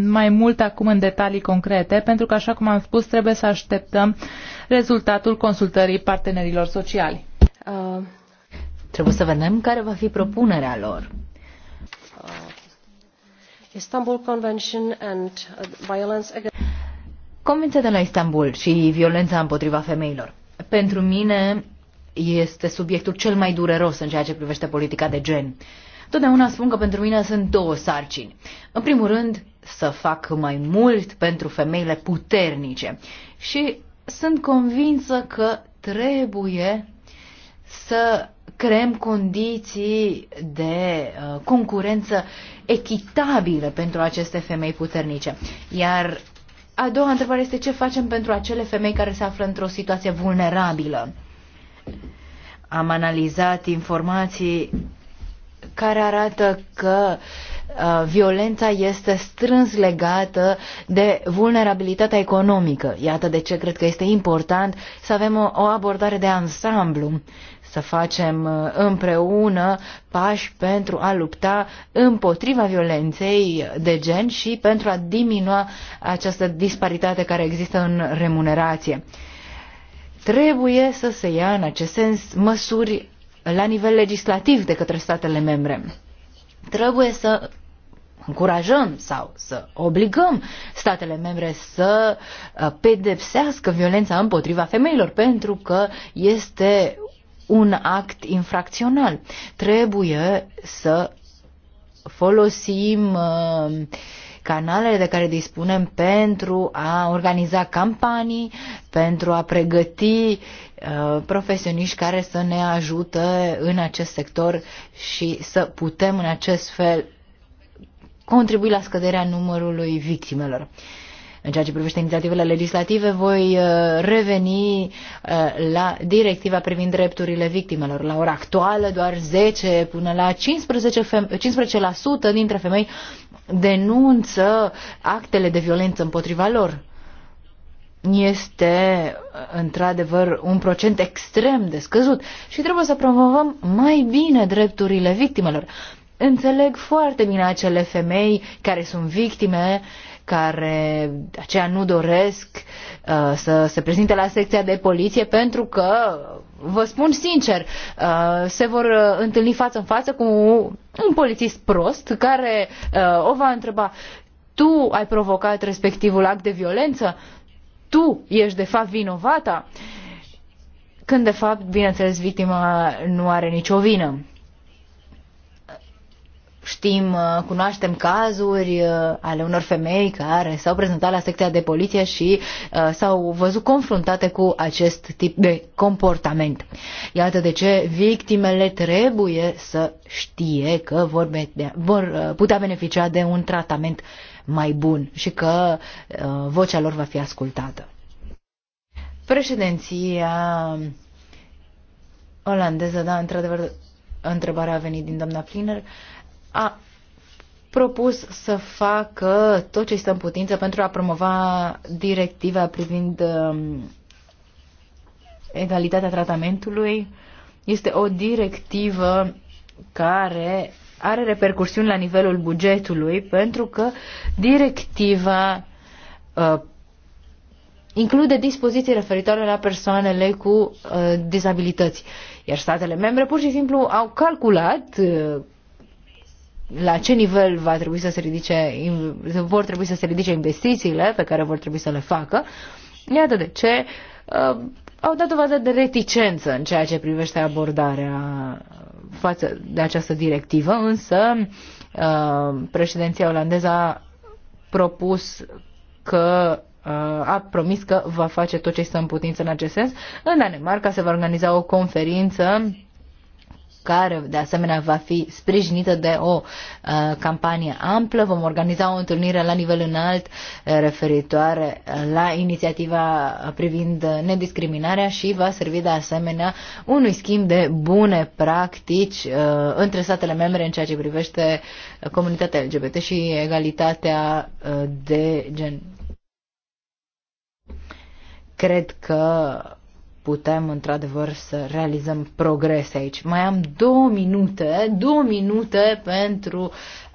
mai mult acum în detalii concrete, pentru că, așa cum am spus, trebuie să așteptăm rezultatul consultării partenerilor sociali. Uh, trebuie să vedem care va fi propunerea lor. Uh, Istanbul Convention and uh, Violence Against... Convenția de la Istanbul și violența împotriva femeilor. Pentru mine este subiectul cel mai dureros în ceea ce privește politica de gen. Uh, Totdeauna spun că pentru mine sunt două sarcini. În primul rând, să fac mai mult pentru femeile puternice. Și sunt convinsă că trebuie să creăm condiții de uh, concurență echitabile pentru aceste femei puternice. Iar a doua întrebare este ce facem pentru acele femei care se află într-o situație vulnerabilă. Am analizat informații care arată că uh, violența este strâns legată de vulnerabilitatea economică. Iată de ce cred că este important să avem o, o abordare de ansamblu, să facem uh, împreună pași pentru a lupta împotriva violenței de gen și pentru a diminua această disparitate care există în remunerație. Trebuie să se ia în acest sens măsuri la nivel legislativ de către statele membre. Trebuie să încurajăm sau să obligăm statele membre să uh, pedepsească violența împotriva femeilor pentru că este un act infracțional. Trebuie să folosim uh, canalele de care dispunem pentru a organiza campanii, pentru a pregăti uh, profesioniști care să ne ajută în acest sector și să putem în acest fel contribui la scăderea numărului victimelor. În ceea ce privește inițiativele legislative, voi uh, reveni uh, la directiva privind drepturile victimelor. La ora actuală, doar 10 până la 15%, 15% dintre femei denunță actele de violență împotriva lor. Este într-adevăr un procent extrem de scăzut și trebuie să promovăm mai bine drepturile victimelor. Înțeleg foarte bine acele femei care sunt victime care aceea nu doresc uh, să se prezinte la secția de poliție pentru că vă spun sincer, uh, se vor uh, întâlni față în față cu un polițist prost care uh, o va întreba tu ai provocat respectivul act de violență? Tu ești de fapt vinovata? Când de fapt, bineînțeles, victima nu are nicio vină. Știm, uh, cunoaștem cazuri uh, ale unor femei care s-au prezentat la secția de poliție și uh, s-au văzut confruntate cu acest tip de comportament. Iată de ce victimele trebuie să știe că vor, vor putea beneficia de un tratament mai bun și că vocea lor va fi ascultată. Președinția olandeză, da, într-adevăr, întrebarea a venit din doamna Pliner a propus să facă tot ce este în putință pentru a promova directiva privind um, egalitatea tratamentului. Este o directivă care are repercursiuni la nivelul bugetului pentru că directiva uh, include dispoziții referitoare la persoanele cu uh, dizabilități. Iar statele membre pur și simplu au calculat uh, la ce nivel va trebui să se ridice, vor trebui să se ridice investițiile pe care vor trebui să le facă. Iată de ce uh, au dat dovadă de reticență în ceea ce privește abordarea față de această directivă, însă uh, președinția olandeză a propus că uh, a promis că va face tot ce stă în putință în acest sens. În Danemarca se va organiza o conferință care de asemenea va fi sprijinită de o uh, campanie amplă. Vom organiza o întâlnire la nivel înalt uh, referitoare la inițiativa privind nediscriminarea și va servi de asemenea unui schimb de bune practici uh, între statele membre în ceea ce privește comunitatea LGBT și egalitatea uh, de gen. Cred că putem într-adevăr să realizăm progrese aici. Mai am două minute, două minute pentru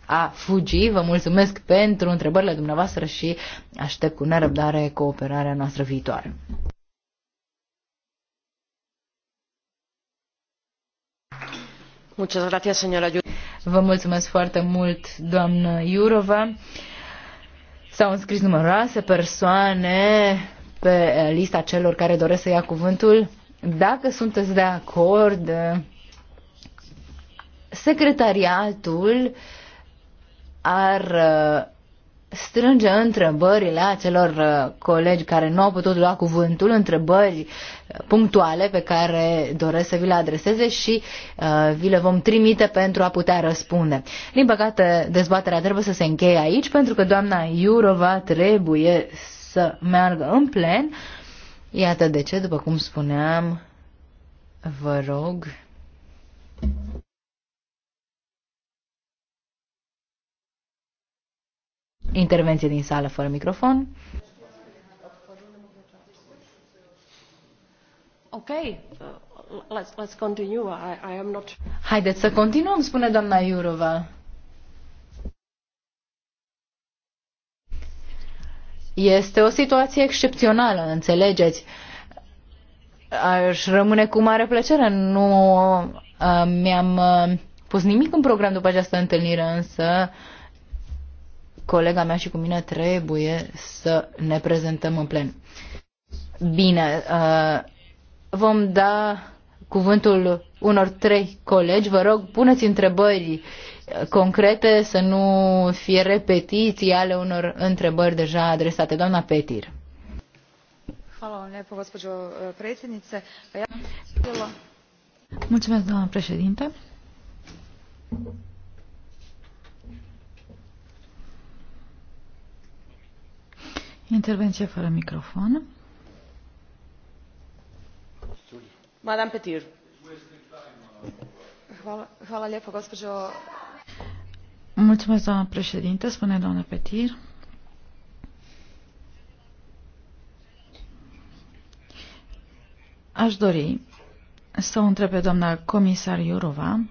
a fugi. Vă mulțumesc pentru întrebările dumneavoastră și aștept cu nerăbdare cooperarea noastră viitoare. Vă mulțumesc foarte mult, doamnă Iurova. S-au înscris numeroase persoane pe eh, lista celor care doresc să ia cuvântul. Dacă sunteți de acord, eh, secretariatul ar eh, strânge întrebările acelor colegi care nu au putut lua cuvântul, întrebări punctuale pe care doresc să vi le adreseze și vi le vom trimite pentru a putea răspunde. Din păcate, dezbaterea trebuie să se încheie aici pentru că doamna Iurova trebuie să să meargă în plen. Iată de ce, după cum spuneam, vă rog. Intervenție din sală fără microfon. Ok, uh, let's, let's continue. I, I am not... Haideți să continuăm, spune doamna Iurova. Este o situație excepțională, înțelegeți. Aș rămâne cu mare plăcere. Nu uh, mi-am uh, pus nimic în program după această întâlnire, însă colega mea și cu mine trebuie să ne prezentăm în plen. Bine, uh, vom da cuvântul unor trei colegi. Vă rog, puneți întrebări concrete, să nu fie repetiții ale unor întrebări deja adresate. Doamna Petir. Mulțumesc, doamna președinte. Intervenție fără microfon. Madame Petir. Hvala, hvala lijepo, gospođo Mulțumesc, doamna președinte, spune doamna Petir. Aș dori să o întreb pe doamna comisar Iurova,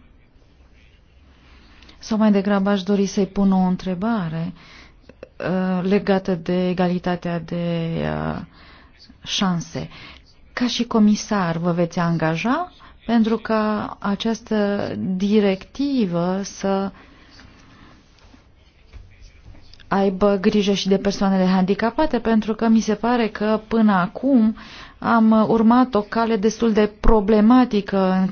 sau mai degrabă aș dori să-i pun o întrebare uh, legată de egalitatea de uh, șanse. Ca și comisar vă veți angaja pentru ca această directivă să aibă grijă și de persoanele handicapate, pentru că mi se pare că până acum am urmat o cale destul de problematică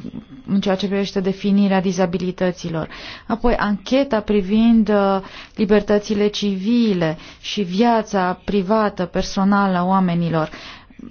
în ceea ce privește definirea dizabilităților. Apoi, ancheta privind uh, libertățile civile și viața privată, personală a oamenilor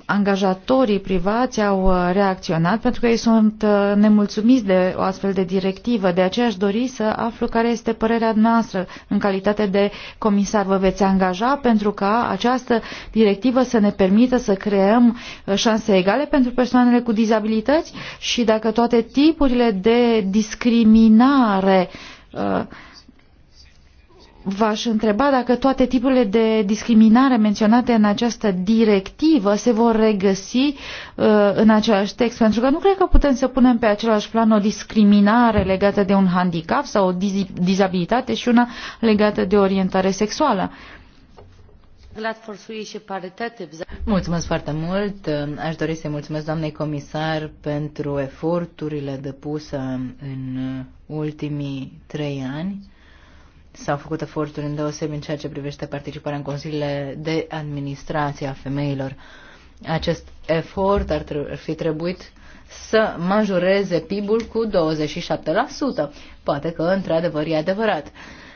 angajatorii privați au uh, reacționat pentru că ei sunt uh, nemulțumiți de o astfel de directivă. De aceea aș dori să aflu care este părerea noastră în calitate de comisar. Vă veți angaja pentru ca această directivă să ne permită să creăm uh, șanse egale pentru persoanele cu dizabilități și dacă toate tipurile de discriminare uh, V-aș întreba dacă toate tipurile de discriminare menționate în această directivă se vor regăsi uh, în același text, pentru că nu cred că putem să punem pe același plan o discriminare legată de un handicap sau o diz dizabilitate și una legată de orientare sexuală. Mulțumesc foarte mult. Aș dori să-i mulțumesc doamnei comisar pentru eforturile depuse în ultimii trei ani S-au făcut eforturi îndeosebi în ceea ce privește participarea în consiliile de administrație a femeilor. Acest efort ar, ar fi trebuit să majoreze PIB-ul cu 27%. Poate că, într-adevăr, e adevărat.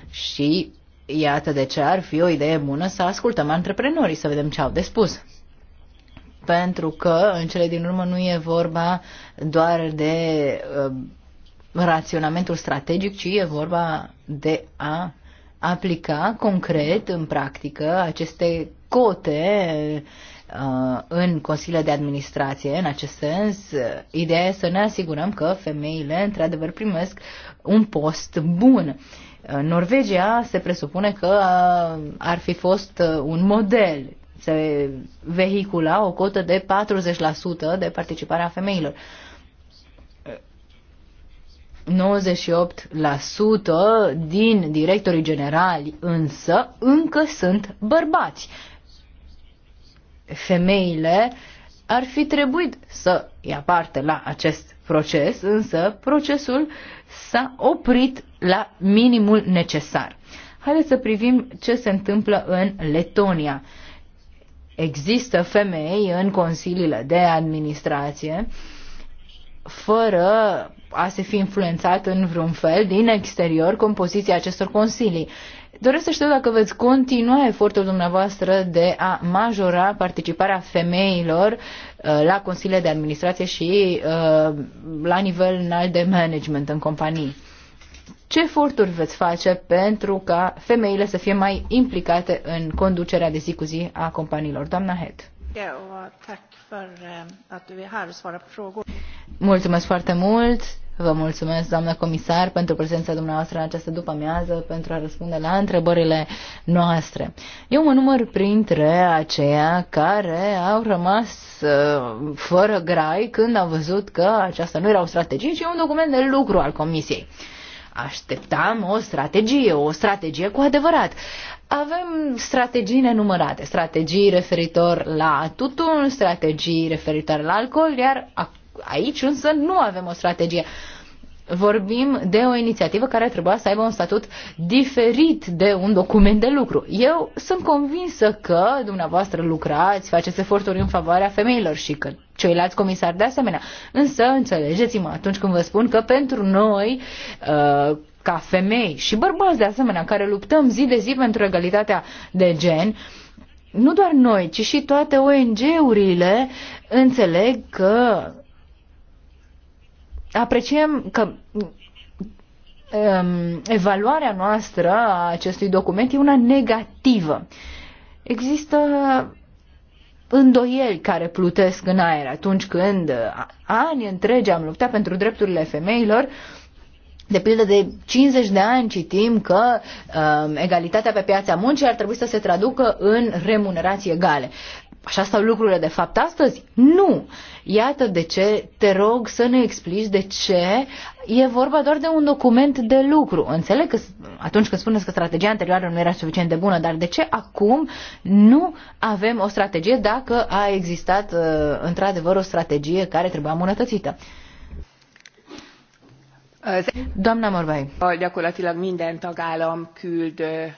Și iată de ce ar fi o idee bună să ascultăm antreprenorii, să vedem ce au de spus. Pentru că, în cele din urmă, nu e vorba doar de uh, raționamentul strategic, ci e vorba de a aplica concret, în practică, aceste cote uh, în consiliile de administrație. În acest sens, uh, ideea e să ne asigurăm că femeile, într-adevăr, primesc un post bun. Uh, Norvegia se presupune că ar fi fost un model se vehicula o cotă de 40% de participare a femeilor. 98% din directorii generali însă încă sunt bărbați. Femeile ar fi trebuit să ia parte la acest proces, însă procesul s-a oprit la minimul necesar. Haideți să privim ce se întâmplă în Letonia. Există femei în consiliile de administrație fără a se fi influențat în vreun fel din exterior compoziția acestor consilii. Doresc să știu dacă veți continua efortul dumneavoastră de a majora participarea femeilor uh, la consiliile de administrație și uh, la nivel înalt de management în companii. Ce eforturi veți face pentru ca femeile să fie mai implicate în conducerea de zi cu zi a companiilor? Doamna Head. Eh, Mulțumesc foarte mult Vă mulțumesc, doamnă comisar, pentru prezența dumneavoastră în această după-amiază, pentru a răspunde la întrebările noastre. Eu mă număr printre aceia care au rămas uh, fără grai când au văzut că aceasta nu era o strategie, ci un document de lucru al comisiei. Așteptam o strategie, o strategie cu adevărat. Avem strategii nenumărate, strategii referitor la tutun, strategii referitor la alcool, iar acum Aici însă nu avem o strategie. Vorbim de o inițiativă care trebuia să aibă un statut diferit de un document de lucru. Eu sunt convinsă că dumneavoastră lucrați, faceți eforturi în favoarea femeilor și că ceilalți comisari de asemenea. Însă, înțelegeți-mă atunci când vă spun că pentru noi, uh, ca femei și bărbați de asemenea, care luptăm zi de zi pentru egalitatea de gen, nu doar noi, ci și toate ONG-urile înțeleg că apreciem că um, evaluarea noastră a acestui document e una negativă. Există îndoieli care plutesc în aer atunci când ani întregi am luptat pentru drepturile femeilor, de pildă de 50 de ani citim că um, egalitatea pe piața muncii ar trebui să se traducă în remunerații egale. Așa stau lucrurile de fapt astăzi? Nu! Iată de ce te rog să ne explici de ce e vorba doar de un document de lucru. Înțeleg că atunci când spuneți că strategia anterioară nu era suficient de bună, dar de ce acum nu avem o strategie dacă a existat uh, într-adevăr o strategie care trebuia îmbunătățită? Doamna Morvai. Gyakorlatilag minden tagállam küld uh,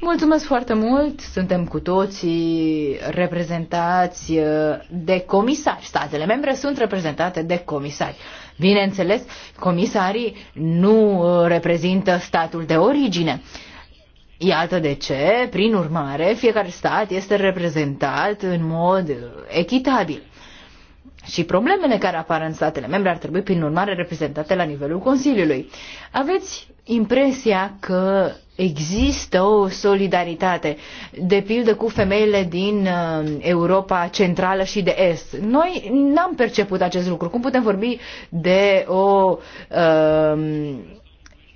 Mulțumesc foarte mult. Suntem cu toții reprezentați uh, de comisari. Statele membre sunt reprezentate de comisari. Bineînțeles, comisarii nu uh, reprezintă statul de origine. Iată de ce, prin urmare, fiecare stat este reprezentat în mod uh, echitabil. Și problemele care apar în statele membre ar trebui, prin urmare, reprezentate la nivelul Consiliului. Aveți impresia că există o solidaritate, de pildă cu femeile din uh, Europa Centrală și de Est. Noi n-am perceput acest lucru. Cum putem vorbi de o uh,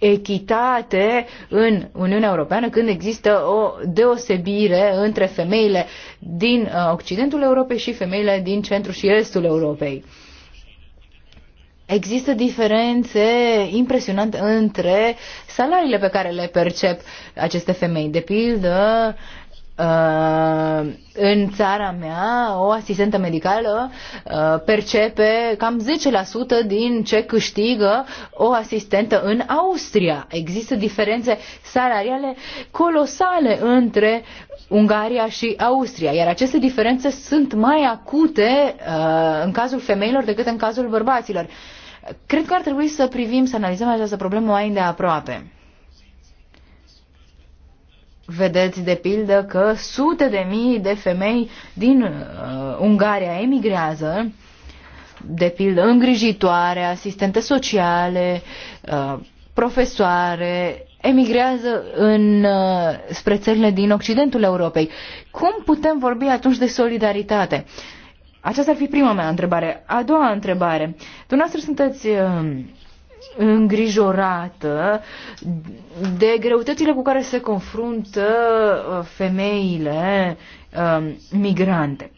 echitate în Uniunea Europeană când există o deosebire între femeile din uh, Occidentul Europei și femeile din Centrul și Estul Europei? Există diferențe impresionante între salariile pe care le percep aceste femei. De pildă, Uh, în țara mea, o asistentă medicală uh, percepe cam 10% din ce câștigă o asistentă în Austria. Există diferențe salariale colosale între Ungaria și Austria, iar aceste diferențe sunt mai acute uh, în cazul femeilor decât în cazul bărbaților. Cred că ar trebui să privim, să analizăm această problemă mai îndeaproape. Vedeți, de pildă, că sute de mii de femei din uh, Ungaria emigrează, de pildă îngrijitoare, asistente sociale, uh, profesoare, emigrează în, uh, spre țările din Occidentul Europei. Cum putem vorbi atunci de solidaritate? Aceasta ar fi prima mea întrebare. A doua întrebare. Dumneavoastră sunteți uh, îngrijorată de greutățile cu care se confruntă uh, femeile migrante.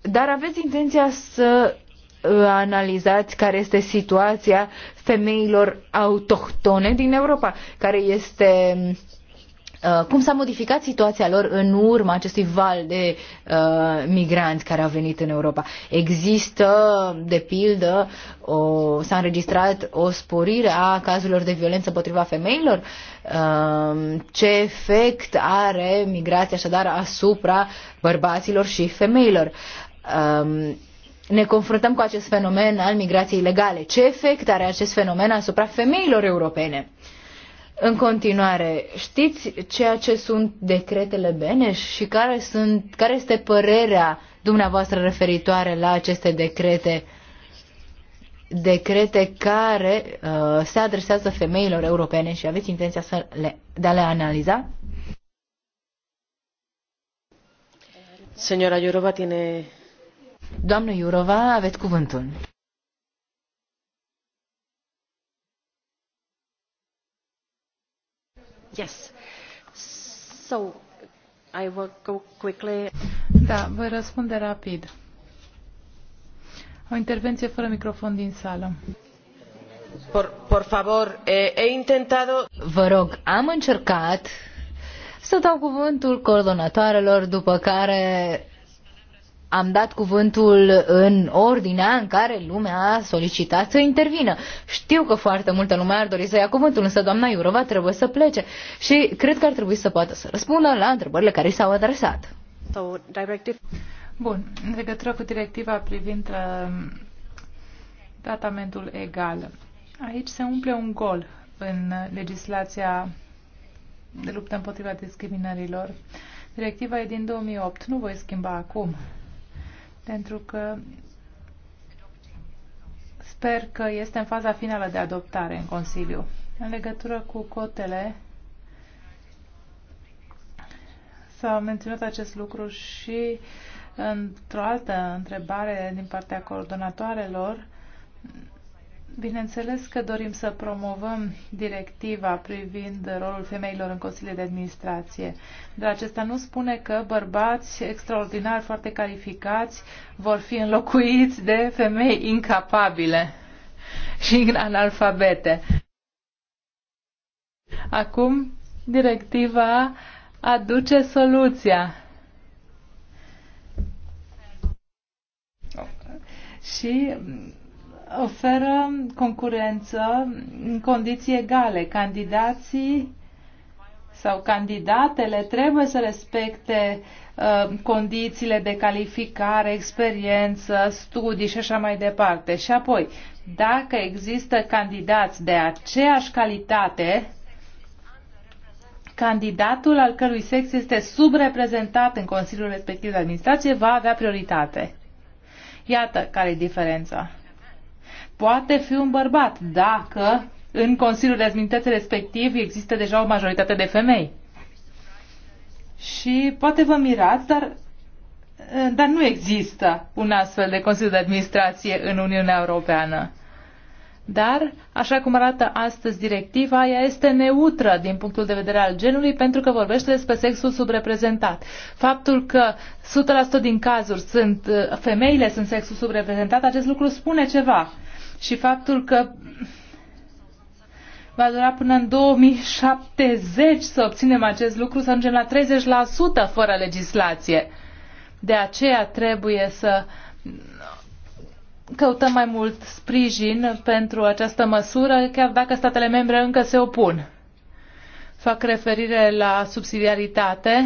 Dar aveți intenția să Uh, analizați care este situația femeilor autohtone din Europa, care este uh, cum s-a modificat situația lor în urma acestui val de uh, migranți care au venit în Europa. Există, de pildă, o, s-a înregistrat o sporire a cazurilor de violență împotriva femeilor? Uh, ce efect are migrația așadar asupra bărbaților și femeilor? Uh, ne confruntăm cu acest fenomen al migrației ilegale. Ce efect are acest fenomen asupra femeilor europene? În continuare, știți ceea ce sunt decretele Beneș și care, sunt, care este părerea dumneavoastră referitoare la aceste decrete? Decrete care uh, se adresează femeilor europene și aveți intenția să le, de a le analiza? Señora Iurova tiene Doamnă Iurova, aveți cuvântul. Yes. So, I will go quickly. Da, voi răspunde rapid. O intervenție fără microfon din sală. Por, por favor, he intentado... Vă rog, am încercat să dau cuvântul coordonatoarelor, după care am dat cuvântul în ordinea în care lumea a solicitat să intervină. Știu că foarte multă lume ar dori să ia cuvântul, însă doamna Iurova trebuie să plece și cred că ar trebui să poată să răspundă la întrebările care s-au adresat. Bun, în legătură cu directiva privind um, tratamentul egal. Aici se umple un gol în legislația de luptă împotriva discriminărilor. Directiva e din 2008. Nu voi schimba acum pentru că sper că este în faza finală de adoptare în Consiliu. În legătură cu cotele, s-a menționat acest lucru și într-o altă întrebare din partea coordonatoarelor Bineînțeles că dorim să promovăm directiva privind rolul femeilor în consiliile de administrație, dar acesta nu spune că bărbați extraordinar foarte calificați vor fi înlocuiți de femei incapabile și analfabete. Acum, directiva aduce soluția. Și oferă concurență în condiții egale. Candidații sau candidatele trebuie să respecte uh, condițiile de calificare, experiență, studii și așa mai departe. Și apoi, dacă există candidați de aceeași calitate, candidatul al cărui sex este subreprezentat în Consiliul respectiv de administrație va avea prioritate. Iată care e diferența poate fi un bărbat dacă în Consiliul de Adminități respectiv există deja o majoritate de femei. Și poate vă mirați, dar, eh, dar nu există un astfel de Consiliu de Administrație în Uniunea Europeană. Dar, așa cum arată astăzi directiva, ea este neutră din punctul de vedere al genului pentru că vorbește despre sexul subreprezentat. Faptul că 100% din cazuri sunt eh, femeile sunt sexul subreprezentat, acest lucru spune ceva și faptul că va dura până în 2070 să obținem acest lucru, să ajungem la 30% fără legislație. De aceea trebuie să căutăm mai mult sprijin pentru această măsură, chiar dacă statele membre încă se opun. Fac referire la subsidiaritate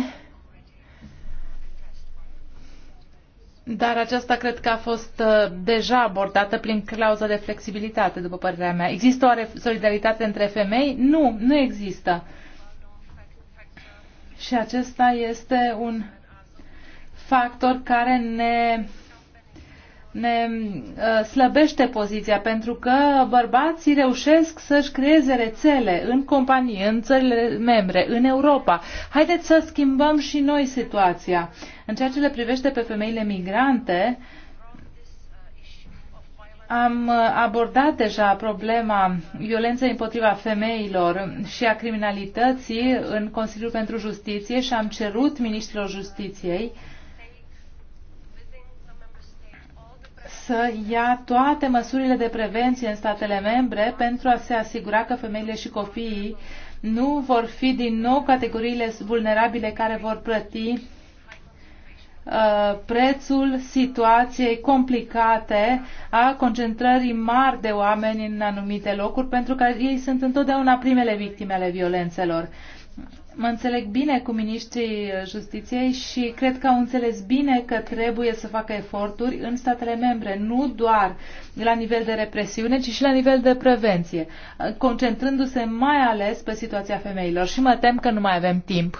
Dar aceasta cred că a fost uh, deja abordată prin clauza de flexibilitate, după părerea mea. Există oare solidaritate între femei? Nu, nu există. Și acesta este un factor care ne, ne uh, slăbește poziția, pentru că bărbații reușesc să-și creeze rețele în companie, în țările membre, în Europa. Haideți să schimbăm și noi situația. În ceea ce le privește pe femeile migrante, am abordat deja problema violenței împotriva femeilor și a criminalității în Consiliul pentru Justiție și am cerut ministrilor justiției să ia toate măsurile de prevenție în statele membre pentru a se asigura că femeile și copiii nu vor fi din nou categoriile vulnerabile care vor plăti Uh, prețul situației complicate a concentrării mari de oameni în anumite locuri, pentru că ei sunt întotdeauna primele victime ale violențelor. Mă înțeleg bine cu miniștrii justiției și cred că au înțeles bine că trebuie să facă eforturi în statele membre, nu doar la nivel de represiune, ci și la nivel de prevenție, concentrându-se mai ales pe situația femeilor. Și mă tem că nu mai avem timp.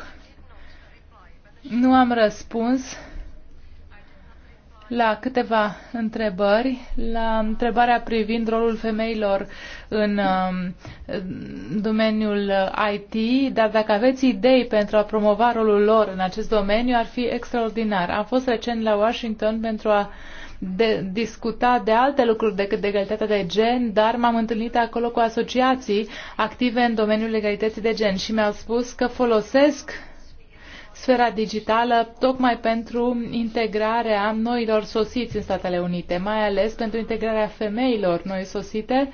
Nu am răspuns la câteva întrebări. La întrebarea privind rolul femeilor în um, domeniul IT, dar dacă aveți idei pentru a promova rolul lor în acest domeniu, ar fi extraordinar. Am fost recent la Washington pentru a de, discuta de alte lucruri decât de egalitatea de gen, dar m-am întâlnit acolo cu asociații active în domeniul egalității de gen și mi-au spus că folosesc sfera digitală tocmai pentru integrarea noilor sosiți în Statele Unite, mai ales pentru integrarea femeilor noi sosite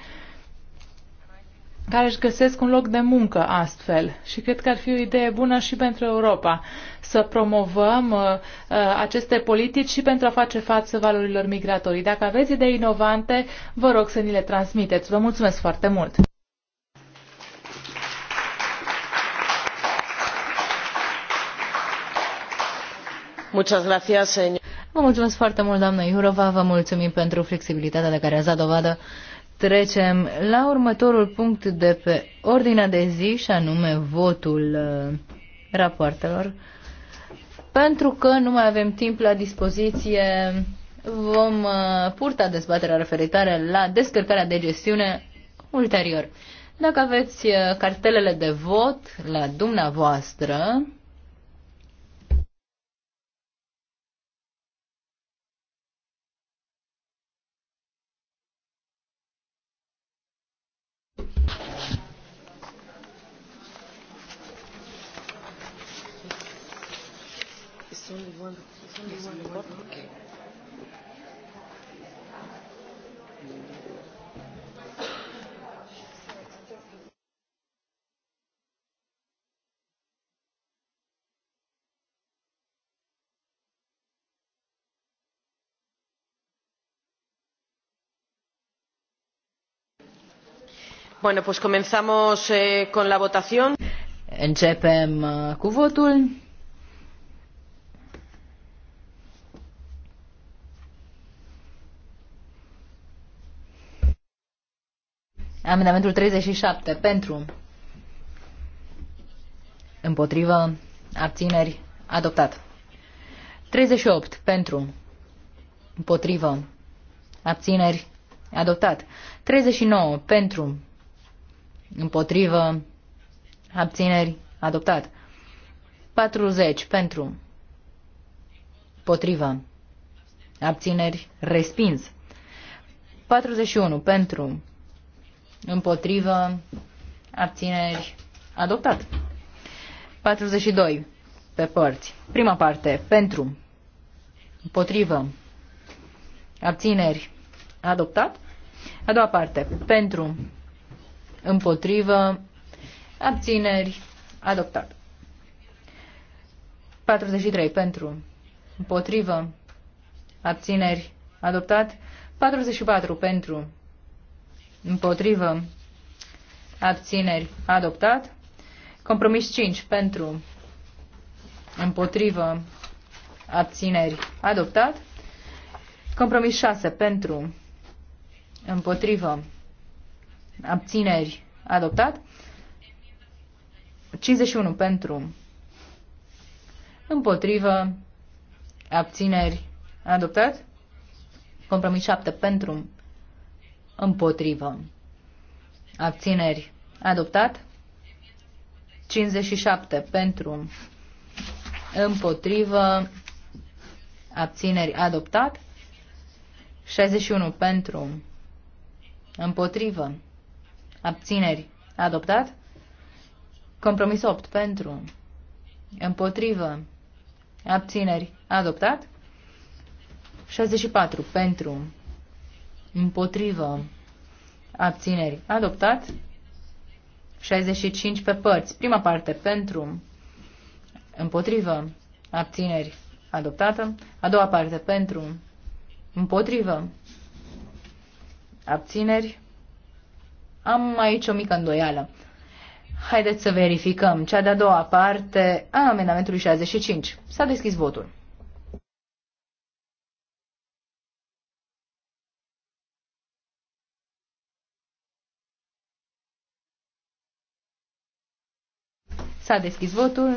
care își găsesc un loc de muncă astfel. Și cred că ar fi o idee bună și pentru Europa să promovăm uh, uh aceste politici și pentru a face față valorilor migratorii. Dacă aveți idei inovante, vă rog să ni le transmiteți. Vă mulțumesc foarte mult! Vă mulțumesc foarte mult, doamnă Iurova, vă mulțumim pentru flexibilitatea de care ați dat dovadă. Trecem la următorul punct de pe ordinea de zi și anume votul uh, rapoartelor. Pentru că nu mai avem timp la dispoziție, vom uh, purta dezbaterea referitoare la descărcarea de gestiune ulterior. Dacă aveți uh, cartelele de vot la dumneavoastră, Eh, Începem uh, cu votul. Amendamentul 37. Pentru. Împotrivă. Abțineri. Adoptat. 38. Pentru. Împotrivă. Abțineri. Adoptat. 39. Pentru împotrivă, abțineri, adoptat. 40 pentru, potrivă, abțineri, respins. 41 pentru, împotrivă, abțineri, adoptat. 42 pe părți. Prima parte, pentru, împotrivă, abțineri, adoptat. A doua parte, pentru, împotrivă, abțineri, adoptat. 43 pentru, împotrivă, abțineri, adoptat. 44 pentru, împotrivă, abțineri, adoptat. Compromis 5 pentru, împotrivă, abțineri, adoptat. Compromis 6 pentru, împotrivă, abțineri adoptat. 51 pentru, împotrivă, abțineri adoptat. Compromis 7 pentru, împotrivă, abțineri adoptat. 57 pentru, împotrivă, abțineri adoptat. 61 pentru, împotrivă, abțineri, adoptat. Compromis 8 pentru, împotrivă, abțineri, adoptat. 64 pentru, împotrivă, abțineri, adoptat. 65 pe părți. Prima parte pentru, împotrivă, abțineri, adoptată. A doua parte pentru, împotrivă, abțineri, am aici o mică îndoială. Haideți să verificăm cea de-a doua parte a amendamentului 65. S-a deschis votul. S-a deschis votul.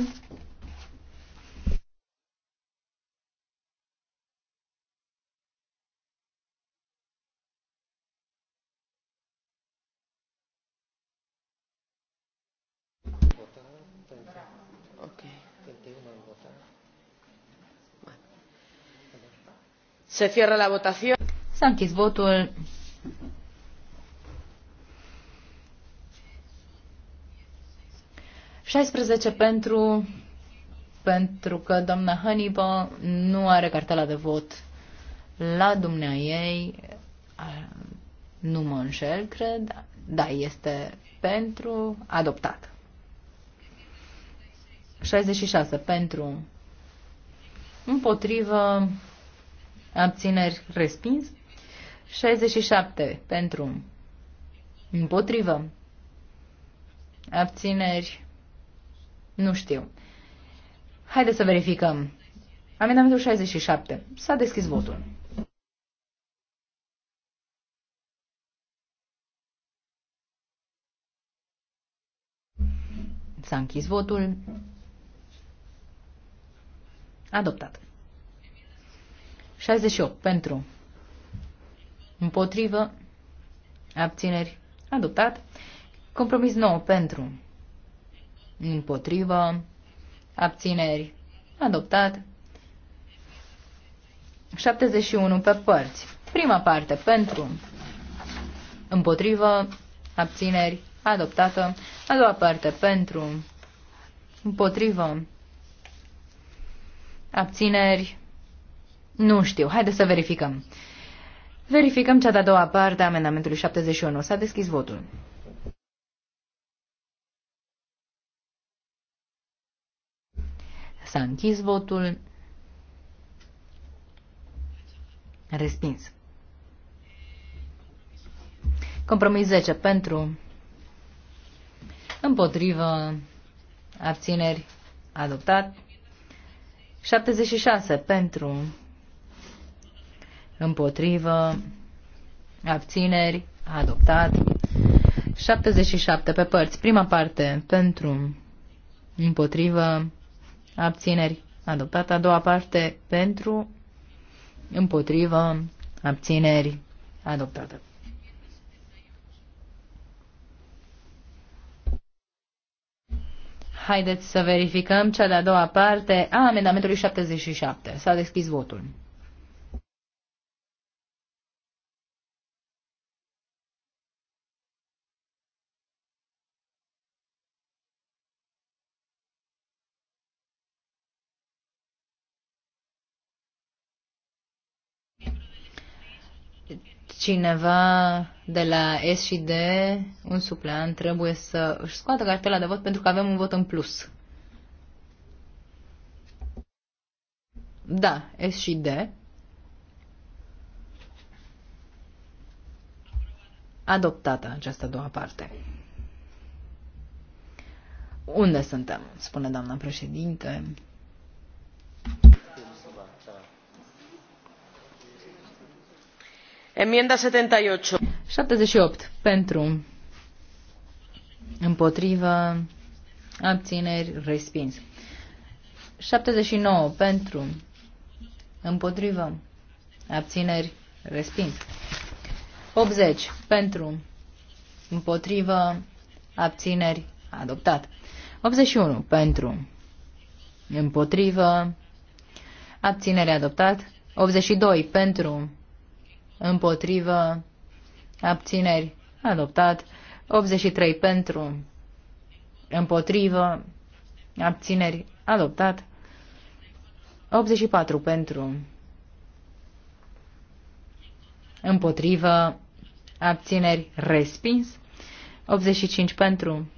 Se cierra la votación. S-a închis votul. Șaisprezece pentru, pentru că doamna Hannibal nu are cartela de vot la dumnea ei, nu mă înșel, cred, da, este pentru adoptat. 66 pentru împotrivă abțineri respins, 67 pentru, împotrivă, abțineri, nu știu. Haideți să verificăm. Amendamentul 67. S-a deschis votul. S-a închis votul. Adoptat. 68 pentru. Împotrivă. Abțineri. Adoptat. Compromis 9 pentru. Împotrivă. Abțineri. Adoptat. 71 pe părți. Prima parte pentru. Împotrivă. Abțineri. Adoptată. A doua parte pentru. Împotrivă. Abțineri. Nu știu. Haideți să verificăm. Verificăm cea de-a doua parte a amendamentului 71. S-a deschis votul. S-a închis votul. Respins. Compromis 10 pentru, împotrivă, abțineri, adoptat. 76 pentru, împotrivă, abțineri, adoptat. 77 pe părți. Prima parte pentru, împotrivă, abțineri, adoptat. A doua parte pentru, împotrivă, abțineri, adoptată. Haideți să verificăm cea de-a doua parte a amendamentului 77. S-a deschis votul. cineva de la S și D, un suplant trebuie să își scoată cartela de vot pentru că avem un vot în plus. Da, S și D. Adoptată această a doua parte. Unde suntem? Spune doamna președinte. Enmienda 78. 78. Pentru. Împotrivă. Abțineri. Respins. 79. Pentru. Împotrivă. Abțineri. Respins. 80. Pentru. Împotrivă. Abțineri. Adoptat. 81. Pentru. Împotrivă. Abținere adoptat. 82. Pentru împotrivă, abțineri, adoptat. 83 pentru, împotrivă, abțineri, adoptat. 84 pentru, împotrivă, abțineri, respins. 85 pentru,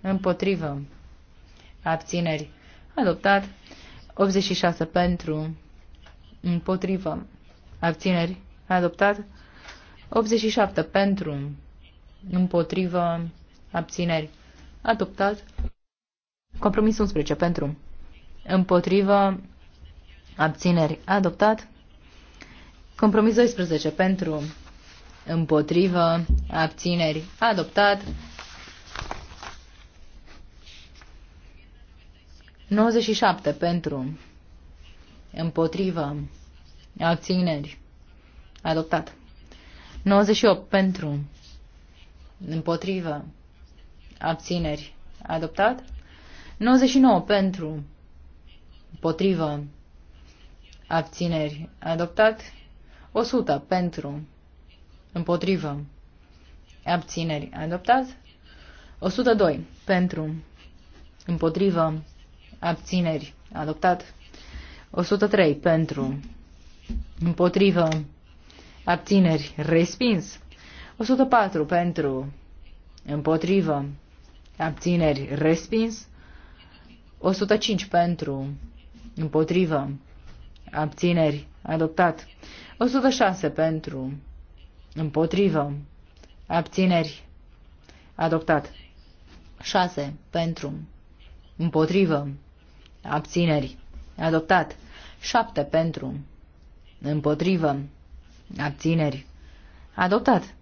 împotrivă, abțineri, adoptat. 86 pentru, împotrivă, abțineri, adoptat. 87 pentru, împotrivă, abțineri, adoptat. Compromis 11 pentru, împotrivă, abțineri, adoptat. Compromis 12 pentru, împotrivă, abțineri, adoptat. 97 pentru, împotrivă, Abțineri. Adoptat. 98 pentru. Împotrivă. Abțineri. Adoptat. 99 pentru. Împotrivă. Abțineri. Adoptat. 100 pentru. Împotrivă. Abțineri. Adoptat. 102 pentru. Împotrivă. Abțineri. Adoptat. 103 pentru împotrivă, abțineri, respins. 104 pentru, împotrivă, abțineri, respins. 105 pentru, împotrivă, abțineri, adoptat. 106 pentru, împotrivă, abțineri, adoptat. 6 pentru, împotrivă, abțineri, adoptat. 7 pentru, Împotrivă. Abțineri. Adoptat.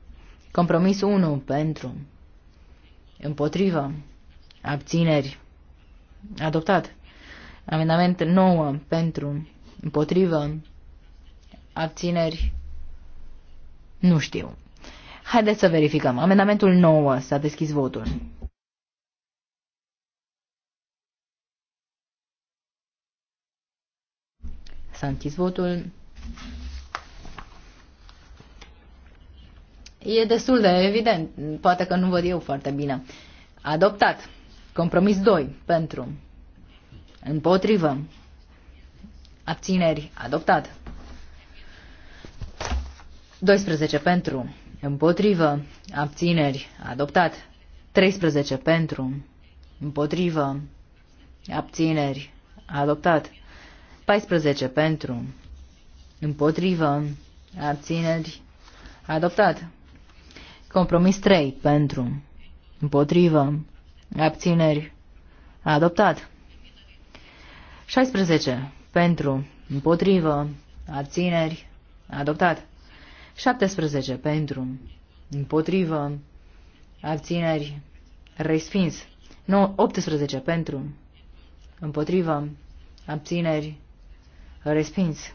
Compromis 1 pentru. Împotrivă. Abțineri. Adoptat. Amendament 9 pentru. Împotrivă. Abțineri. Nu știu. Haideți să verificăm. Amendamentul 9 s-a deschis votul. S-a închis votul. E destul de evident. Poate că nu văd eu foarte bine. Adoptat. Compromis 2. Pentru. Împotrivă. Abțineri. Adoptat. 12 pentru. Împotrivă. Abțineri. Adoptat. 13 pentru. Împotrivă. Abțineri. Adoptat. 14 pentru. Împotrivă. Abțineri. Adoptat. Compromis 3. Pentru. Împotrivă. Abțineri. Adoptat. 16. Pentru. Împotrivă. Abțineri. Adoptat. 17. Pentru. Împotrivă. Abțineri. Respins. 9, 18. Pentru. Împotrivă. Abțineri. Respins.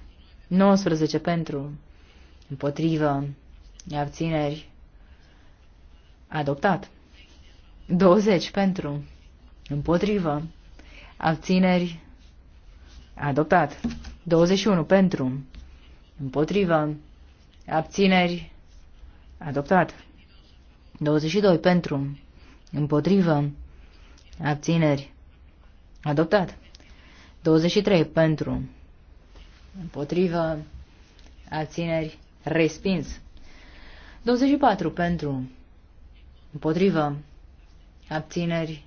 19 pentru, împotrivă, abțineri, adoptat. 20 pentru, împotrivă, abțineri, adoptat. 21 pentru, împotrivă, abțineri, adoptat. 22 pentru, împotrivă, abțineri, adoptat. 23 pentru, Împotrivă. țineri Respins. 24 pentru. Împotrivă. Abțineri.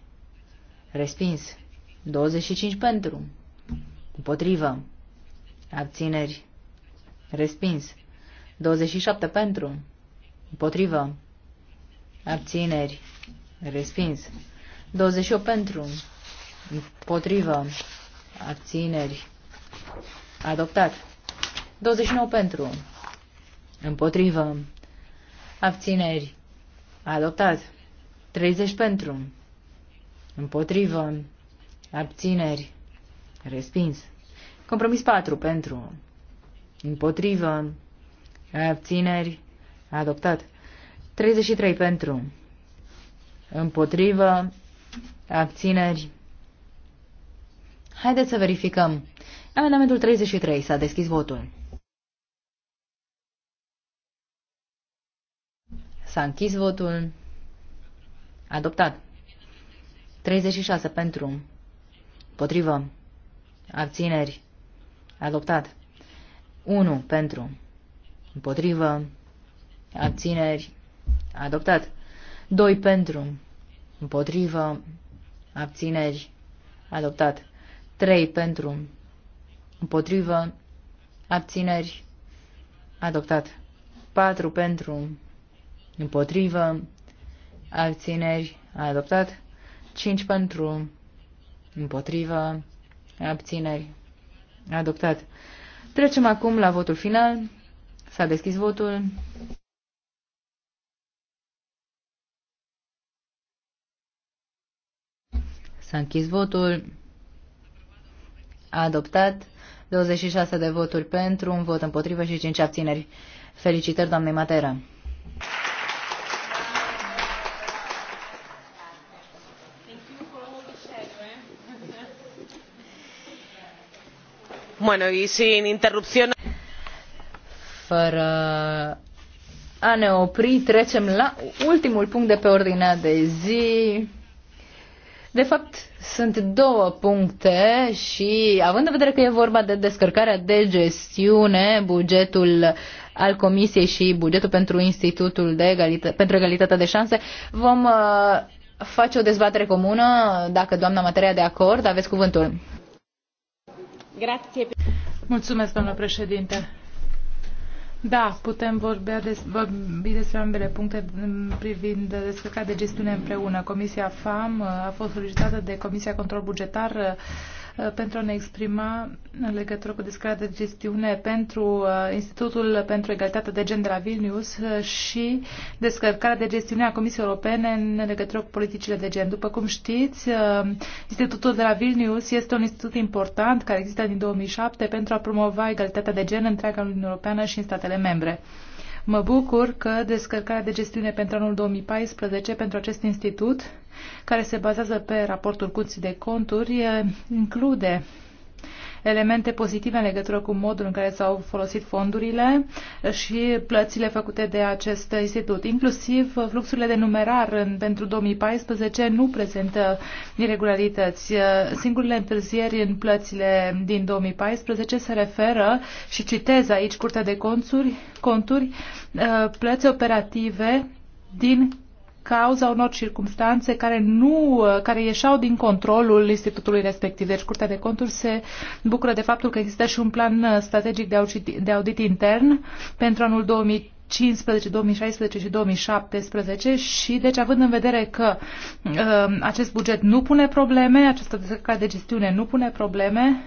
Respins. 25 pentru. Împotrivă. Abțineri. Respins. 27 pentru. Împotrivă. Abțineri. Respins. 28 pentru. Împotrivă. Abțineri. Adoptat. 29 pentru. Împotrivă. Abțineri. Adoptat. 30 pentru. Împotrivă. Abțineri. Respins. Compromis 4 pentru. Împotrivă. Abțineri. Adoptat. 33 pentru. Împotrivă. Abțineri. Haideți să verificăm. Amendamentul 33. S-a deschis votul. S-a închis votul. Adoptat. 36 pentru. Potrivă. Abțineri. Adoptat. 1 pentru. Împotrivă. Abțineri. Adoptat. 2 pentru. Împotrivă. Abțineri. Adoptat. 3 pentru împotrivă, abțineri, adoptat. 4 pentru, împotrivă, abțineri, adoptat. 5 pentru, împotrivă, abțineri, adoptat. Trecem acum la votul final. S-a deschis votul. S-a închis votul. A adoptat 26 de voturi pentru, un vot împotrivă și 5 abțineri. Felicitări, doamnei Matera! Bueno, y sin interrupción... Fără a ne opri, trecem la ultimul punct de pe ordinea de zi, de fapt, sunt două puncte și având în vedere că e vorba de descărcarea de gestiune, bugetul al Comisiei și bugetul pentru Institutul de Egalită- pentru Egalitatea de Șanse, vom uh, face o dezbatere comună. Dacă doamna Materia de acord, aveți cuvântul. Grație. Mulțumesc, doamnă președinte. Da, putem vorbi, des, vorbi despre ambele puncte privind descărcarea de gestiune împreună. Comisia FAM uh, a fost solicitată de Comisia Control Bugetar uh, Uh, pentru a ne exprima în legătură cu descărcarea de gestiune pentru uh, Institutul pentru Egalitate de Gen de la Vilnius uh, și descărcarea de gestiune a Comisiei Europene în legătură cu politicile de gen. După cum știți, Institutul de la Vilnius este un institut important care există din 2007 pentru a promova egalitatea de gen în întreaga Uniune Europeană și în statele membre. Mă bucur că descărcarea de gestiune pentru anul 2014 pentru acest institut, care se bazează pe raportul Curții de Conturi, include elemente pozitive în legătură cu modul în care s-au folosit fondurile și plățile făcute de acest institut. Inclusiv fluxurile de numerar în, pentru 2014 nu prezintă irregularități. Singurile întârzieri în plățile din 2014 se referă și citez aici Curtea de Conturi, conturi plăți operative din cauza unor circunstanțe care nu, care ieșau din controlul institutului respectiv. Deci Curtea de Conturi se bucură de faptul că există și un plan strategic de audit, de audit intern pentru anul 2000 2015, 2016 și 2017 și deci având în vedere că uh, acest buget nu pune probleme, această de gestiune nu pune probleme,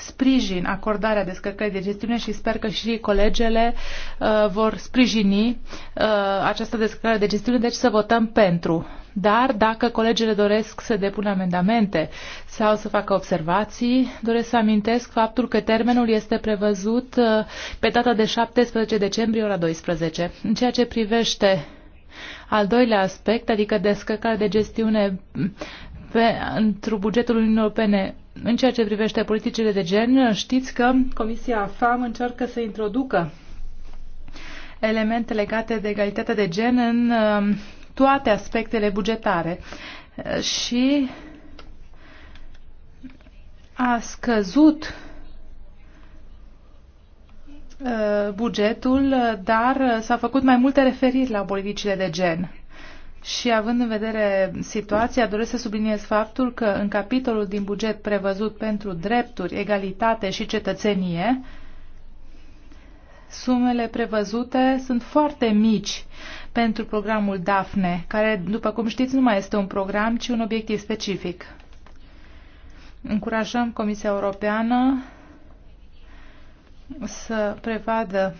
sprijin acordarea descărcării de gestiune și sper că și colegele uh, vor sprijini uh, această descărcare de gestiune, deci să votăm pentru. Dar dacă colegele doresc să depună amendamente sau să facă observații, doresc să amintesc faptul că termenul este prevăzut uh, pe data de 17 decembrie ora 12. În ceea ce privește al doilea aspect, adică descărcarea de gestiune într-un bugetul Uniunii Europene în ceea ce privește politicile de gen, știți că Comisia FAM încearcă să introducă elemente legate de egalitatea de gen în um, toate aspectele bugetare și a scăzut uh, bugetul, dar s-a făcut mai multe referiri la politicile de gen. Și având în vedere situația, doresc să subliniez faptul că în capitolul din buget prevăzut pentru drepturi, egalitate și cetățenie, sumele prevăzute sunt foarte mici pentru programul DAFNE, care, după cum știți, nu mai este un program, ci un obiectiv specific. Încurajăm Comisia Europeană să prevadă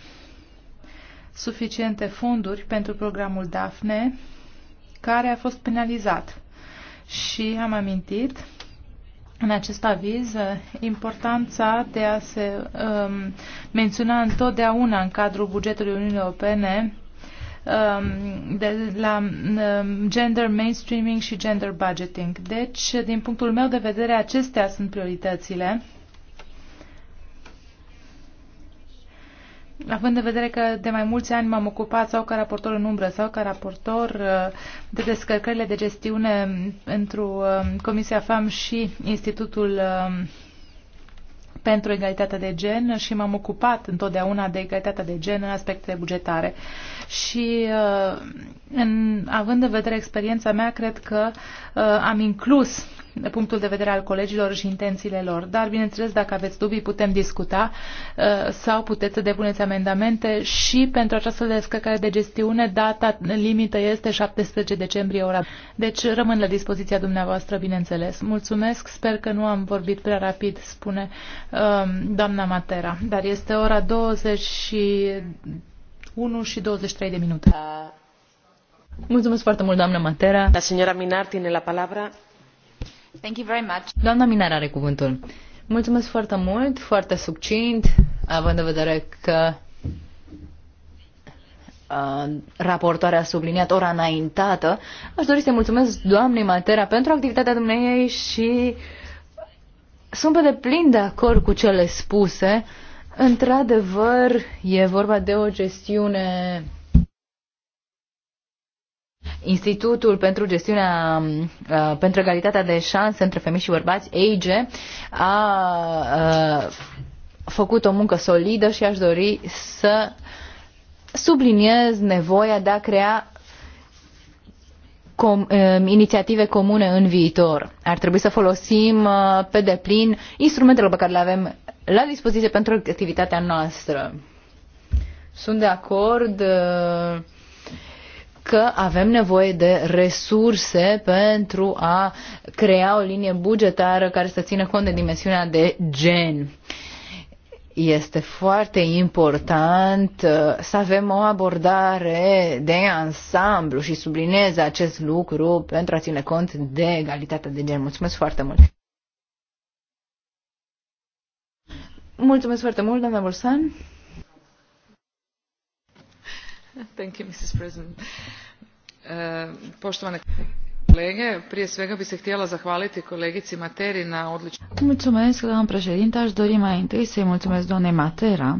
suficiente fonduri pentru programul DAFNE care a fost penalizat. Și am amintit în acest aviz importanța de a se um, menționa întotdeauna în cadrul bugetului Uniunii Europene um, de la um, gender mainstreaming și gender budgeting. Deci, din punctul meu de vedere, acestea sunt prioritățile Având în vedere că de mai mulți ani m-am ocupat sau ca raportor în umbră sau ca raportor uh, de descărcările de gestiune pentru uh, Comisia FAM și Institutul um, pentru Egalitatea de Gen și m-am ocupat întotdeauna de egalitatea de gen în aspecte bugetare și uh, în, având în vedere experiența mea, cred că uh, am inclus punctul de vedere al colegilor și intențiile lor. Dar, bineînțeles, dacă aveți dubii, putem discuta uh, sau puteți să depuneți amendamente și pentru această descărcare de gestiune, data limită este 17 decembrie ora. Deci rămân la dispoziția dumneavoastră, bineînțeles. Mulțumesc, sper că nu am vorbit prea rapid, spune doamna Matera. Dar este ora 20 și 1 și 23 de minute. Mulțumesc foarte mult, doamnă Matera. La signora Minar tiene la palabra. Thank you very much. Doamna Minar are cuvântul. Mulțumesc foarte mult, foarte succint, având în vedere că raportoarea a subliniat ora înaintată. Aș dori să-i mulțumesc doamnei Matera pentru activitatea dumneiei și sunt pe deplin de acord cu cele spuse. Uh, Într-adevăr, e vorba de o gestiune. Institutul pentru gestiunea uh, pentru egalitatea de șanse între femei și bărbați, AGE, a uh, făcut o muncă solidă și aș dori să subliniez nevoia de a crea com, uh, inițiative comune în viitor. Ar trebui să folosim uh, pe deplin instrumentele pe care le avem la dispoziție pentru activitatea noastră. Sunt de acord uh, că avem nevoie de resurse pentru a crea o linie bugetară care să țină cont de dimensiunea de gen este foarte important uh, să avem o abordare de ansamblu și sublinez acest lucru pentru a ține cont de egalitatea de gen. Mulțumesc foarte mult! Mulțumesc foarte mult, doamna Bursan. Thank you, Mrs. President. Uh, poštovane kolege, prije svega bi se htjela zahvaliti kolegici Materi na odličnom... Mulțumesc, doamna președinte. Aș dori mai întâi să-i mulțumesc doamnei Matera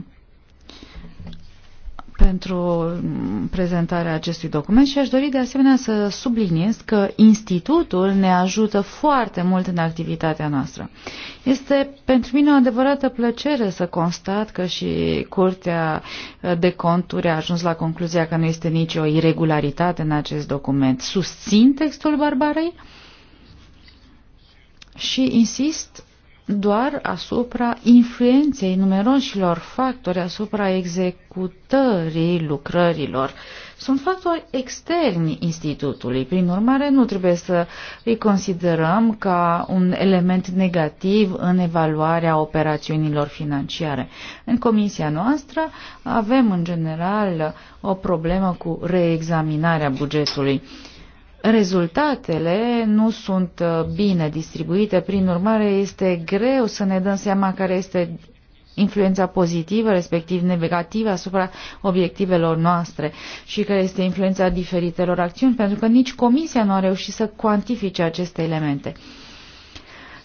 pentru prezentarea acestui document și aș dori de asemenea să subliniez că institutul ne ajută foarte mult în activitatea noastră. Este pentru mine o adevărată plăcere să constat că și Curtea de Conturi a ajuns la concluzia că nu este nicio irregularitate în acest document. Susțin textul barbarei și insist doar asupra influenței numeroșilor factori asupra executării lucrărilor. Sunt factori externi institutului, prin urmare nu trebuie să îi considerăm ca un element negativ în evaluarea operațiunilor financiare. În comisia noastră avem în general o problemă cu reexaminarea bugetului rezultatele nu sunt uh, bine distribuite, prin urmare este greu să ne dăm seama care este influența pozitivă, respectiv negativă asupra obiectivelor noastre și care este influența diferitelor acțiuni, pentru că nici Comisia nu a reușit să cuantifice aceste elemente.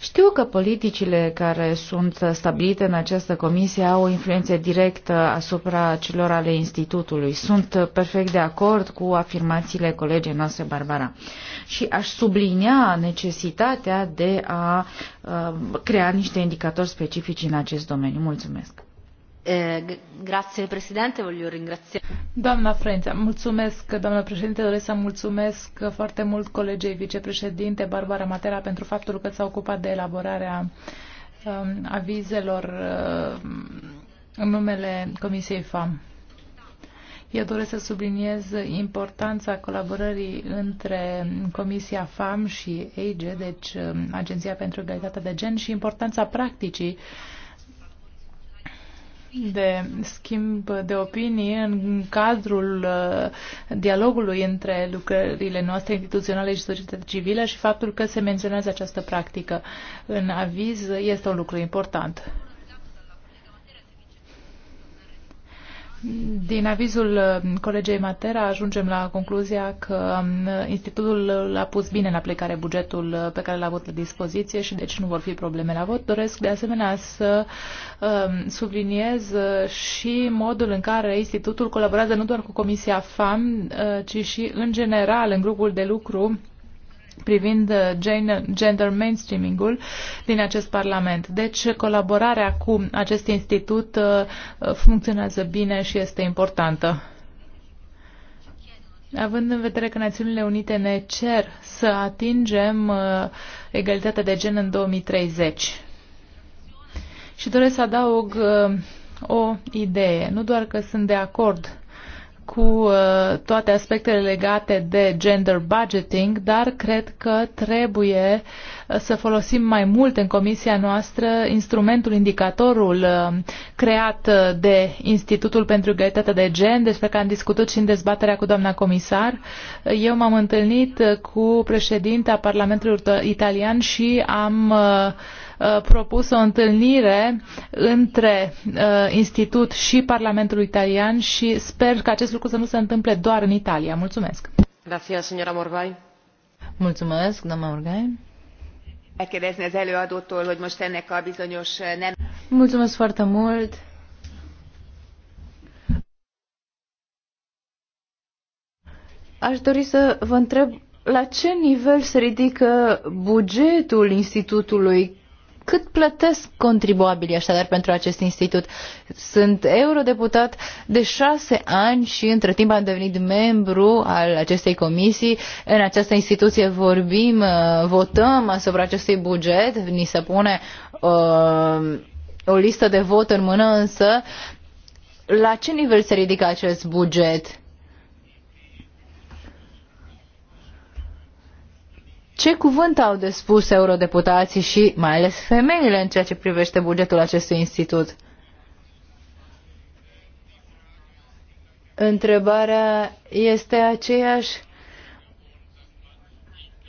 Știu că politicile care sunt stabilite în această comisie au o influență directă asupra celor ale Institutului. Sunt perfect de acord cu afirmațiile colegei noastre, Barbara. Și aș sublinia necesitatea de a uh, crea niște indicatori specifici în acest domeniu. Mulțumesc! Eh, grazie, președinte, mulțumesc, doamnă președinte, doresc să mulțumesc foarte mult colegei vicepreședinte Barbara Matera pentru faptul că s-a ocupat de elaborarea um, avizelor um, în numele Comisiei FAM. Eu doresc să subliniez importanța colaborării între Comisia FAM și AGE, deci um, Agenția pentru Egalitatea de Gen, și importanța practicii privește de schimb de opinii în cadrul uh, dialogului între lucrările noastre instituționale și societatea civilă și faptul că se menționează această practică în aviz este un lucru important. Din avizul uh, colegei Matera ajungem la concluzia că um, institutul a pus bine în aplicare bugetul uh, pe care l-a avut la dispoziție și deci nu vor fi probleme la vot. Doresc de asemenea să um, subliniez uh, și modul în care institutul colaborează nu doar cu Comisia FAM, ci și în general în grupul de lucru privind uh, gender mainstreaming-ul din acest Parlament. Deci colaborarea cu acest institut uh, funcționează bine și este importantă. Având în vedere că Națiunile Unite ne cer să atingem uh, egalitatea de gen în 2030. Și doresc să adaug o idee. Nu doar că sunt de acord cu uh, toate aspectele legate de gender budgeting, dar cred că trebuie uh, să folosim mai mult în comisia noastră instrumentul, indicatorul uh, creat de Institutul pentru Egalitatea de Gen, despre care am discutat și în dezbaterea cu doamna comisar. Eu m-am întâlnit cu președinta Parlamentului Italian și am uh, Uh, propus o întâlnire între uh, Institut și Parlamentul italian și sper că acest lucru să nu se întâmple doar în Italia. Mulțumesc! Gracias, señora Morvai. Mulțumesc, doamna Morvai. Megkérdezni az előadótól, hogy most ennek a bizonyos eh, nem... Mulțumesc foarte mult! Aș dori să vă întreb la ce nivel se ridică bugetul institutului cât plătesc contribuabilii așadar pentru acest institut. Sunt eurodeputat de șase ani și între timp am devenit membru al acestei comisii. În această instituție vorbim, uh, votăm asupra acestui buget, ni se pune uh, o listă de vot în mână, însă la ce nivel se ridică acest buget? ce cuvânt au de spus eurodeputații și mai ales femeile în ceea ce privește bugetul acestui institut? Întrebarea este aceeași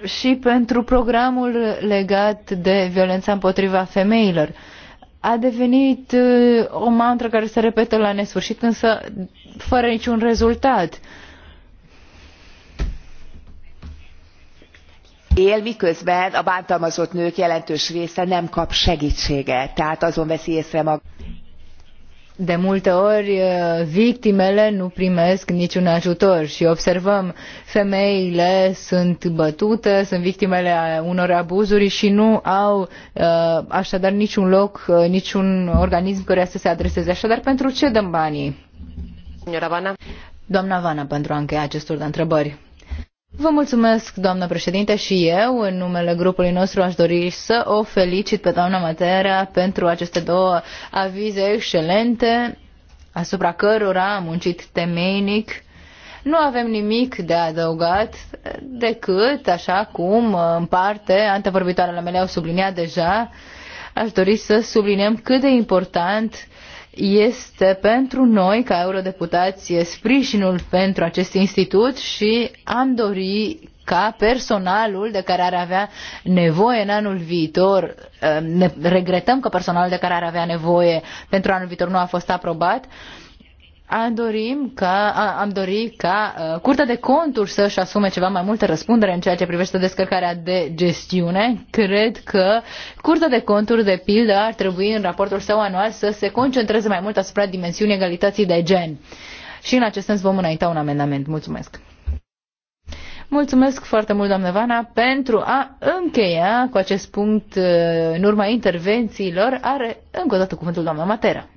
și pentru programul legat de violența împotriva femeilor. A devenit uh, o mantră care se repetă la nesfârșit, însă fără niciun rezultat. Uh, él miközben a bántalmazott nők jelentős része nem kap segtséget tehát azon veszi észre De multe ori victimele nu primesc niciun ajutor și observăm femeile sunt bătute, sunt victimele unor abuzuri și nu au așadar niciun loc, niciun organism care să se adreseze. Așadar pentru ce dăm banii? Doamna Vana, pentru a încheia acest tur de întrebări. Vă mulțumesc, doamnă președinte, și eu, în numele grupului nostru, aș dori să o felicit pe doamna Matera pentru aceste două avize excelente, asupra cărora am muncit temeinic. Nu avem nimic de adăugat decât, așa cum în parte antevorbitoarele mele au subliniat deja, aș dori să subliniem cât de important este pentru noi, ca eurodeputați, sprijinul pentru acest institut și am dori ca personalul de care ar avea nevoie în anul viitor, eh, ne regretăm că personalul de care ar avea nevoie pentru anul viitor nu a fost aprobat, uh, am dorim ca, am dorit ca Curtea de Conturi să-și asume ceva mai multă răspundere în ceea ce privește descărcarea de gestiune. Cred că Curtea de Conturi, de pildă, ar trebui în raportul său anual să se concentreze mai mult asupra dimensiunii egalității de gen. Și în acest sens vom înainta un amendament. Mulțumesc! Mulțumesc foarte mult, doamne Vana, pentru a încheia cu acest punct uh, în urma intervențiilor. Are încă o dată cuvântul doamna Matera.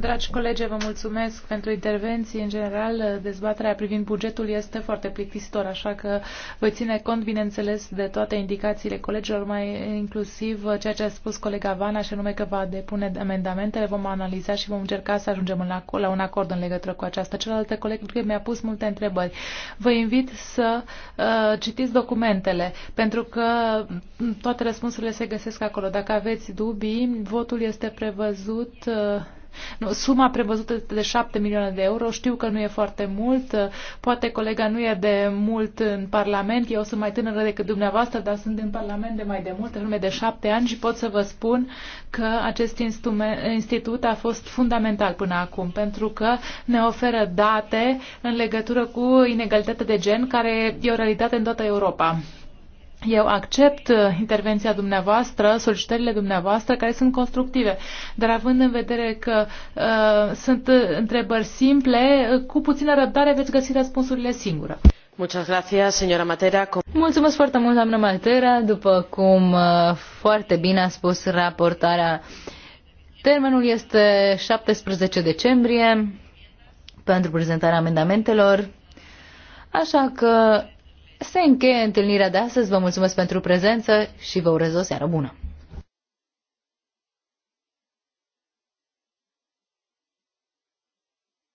Dragi colegi, vă mulțumesc pentru intervenții. În general, dezbaterea privind bugetul este foarte plictisitor, așa că voi ține cont, bineînțeles, de toate indicațiile colegilor, mai inclusiv ceea ce a spus colega Vana, și anume că va depune amendamentele, vom analiza și vom încerca să ajungem la un acord în legătură cu aceasta. Celălalt coleg mi-a pus multe întrebări. Vă invit să uh, citiți documentele, pentru că toate răspunsurile se găsesc acolo. Dacă aveți dubii, votul este prevăzut prevăzut uh, nu, suma prevăzută de 7 milioane de euro, știu că nu e foarte mult, uh, poate colega nu e de mult în Parlament, eu sunt mai tânără decât dumneavoastră, dar sunt în Parlament de mai de mult, în lume de 7 ani și pot să vă spun că acest institut a fost fundamental până acum, pentru că ne oferă date în legătură cu inegalitatea de gen, care e o realitate în toată Europa. Eu accept uh, intervenția dumneavoastră, solicitările dumneavoastră, care sunt constructive, dar având în vedere că uh, sunt uh, întrebări simple, uh, cu puțină răbdare veți găsi răspunsurile singură. Mulțumesc foarte mult, doamnă Matera. După cum uh, foarte bine a spus raportarea, termenul este 17 decembrie pentru prezentarea amendamentelor, așa că se încheie întâlnirea de astăzi. Vă mulțumesc pentru prezență și vă urez o seară bună!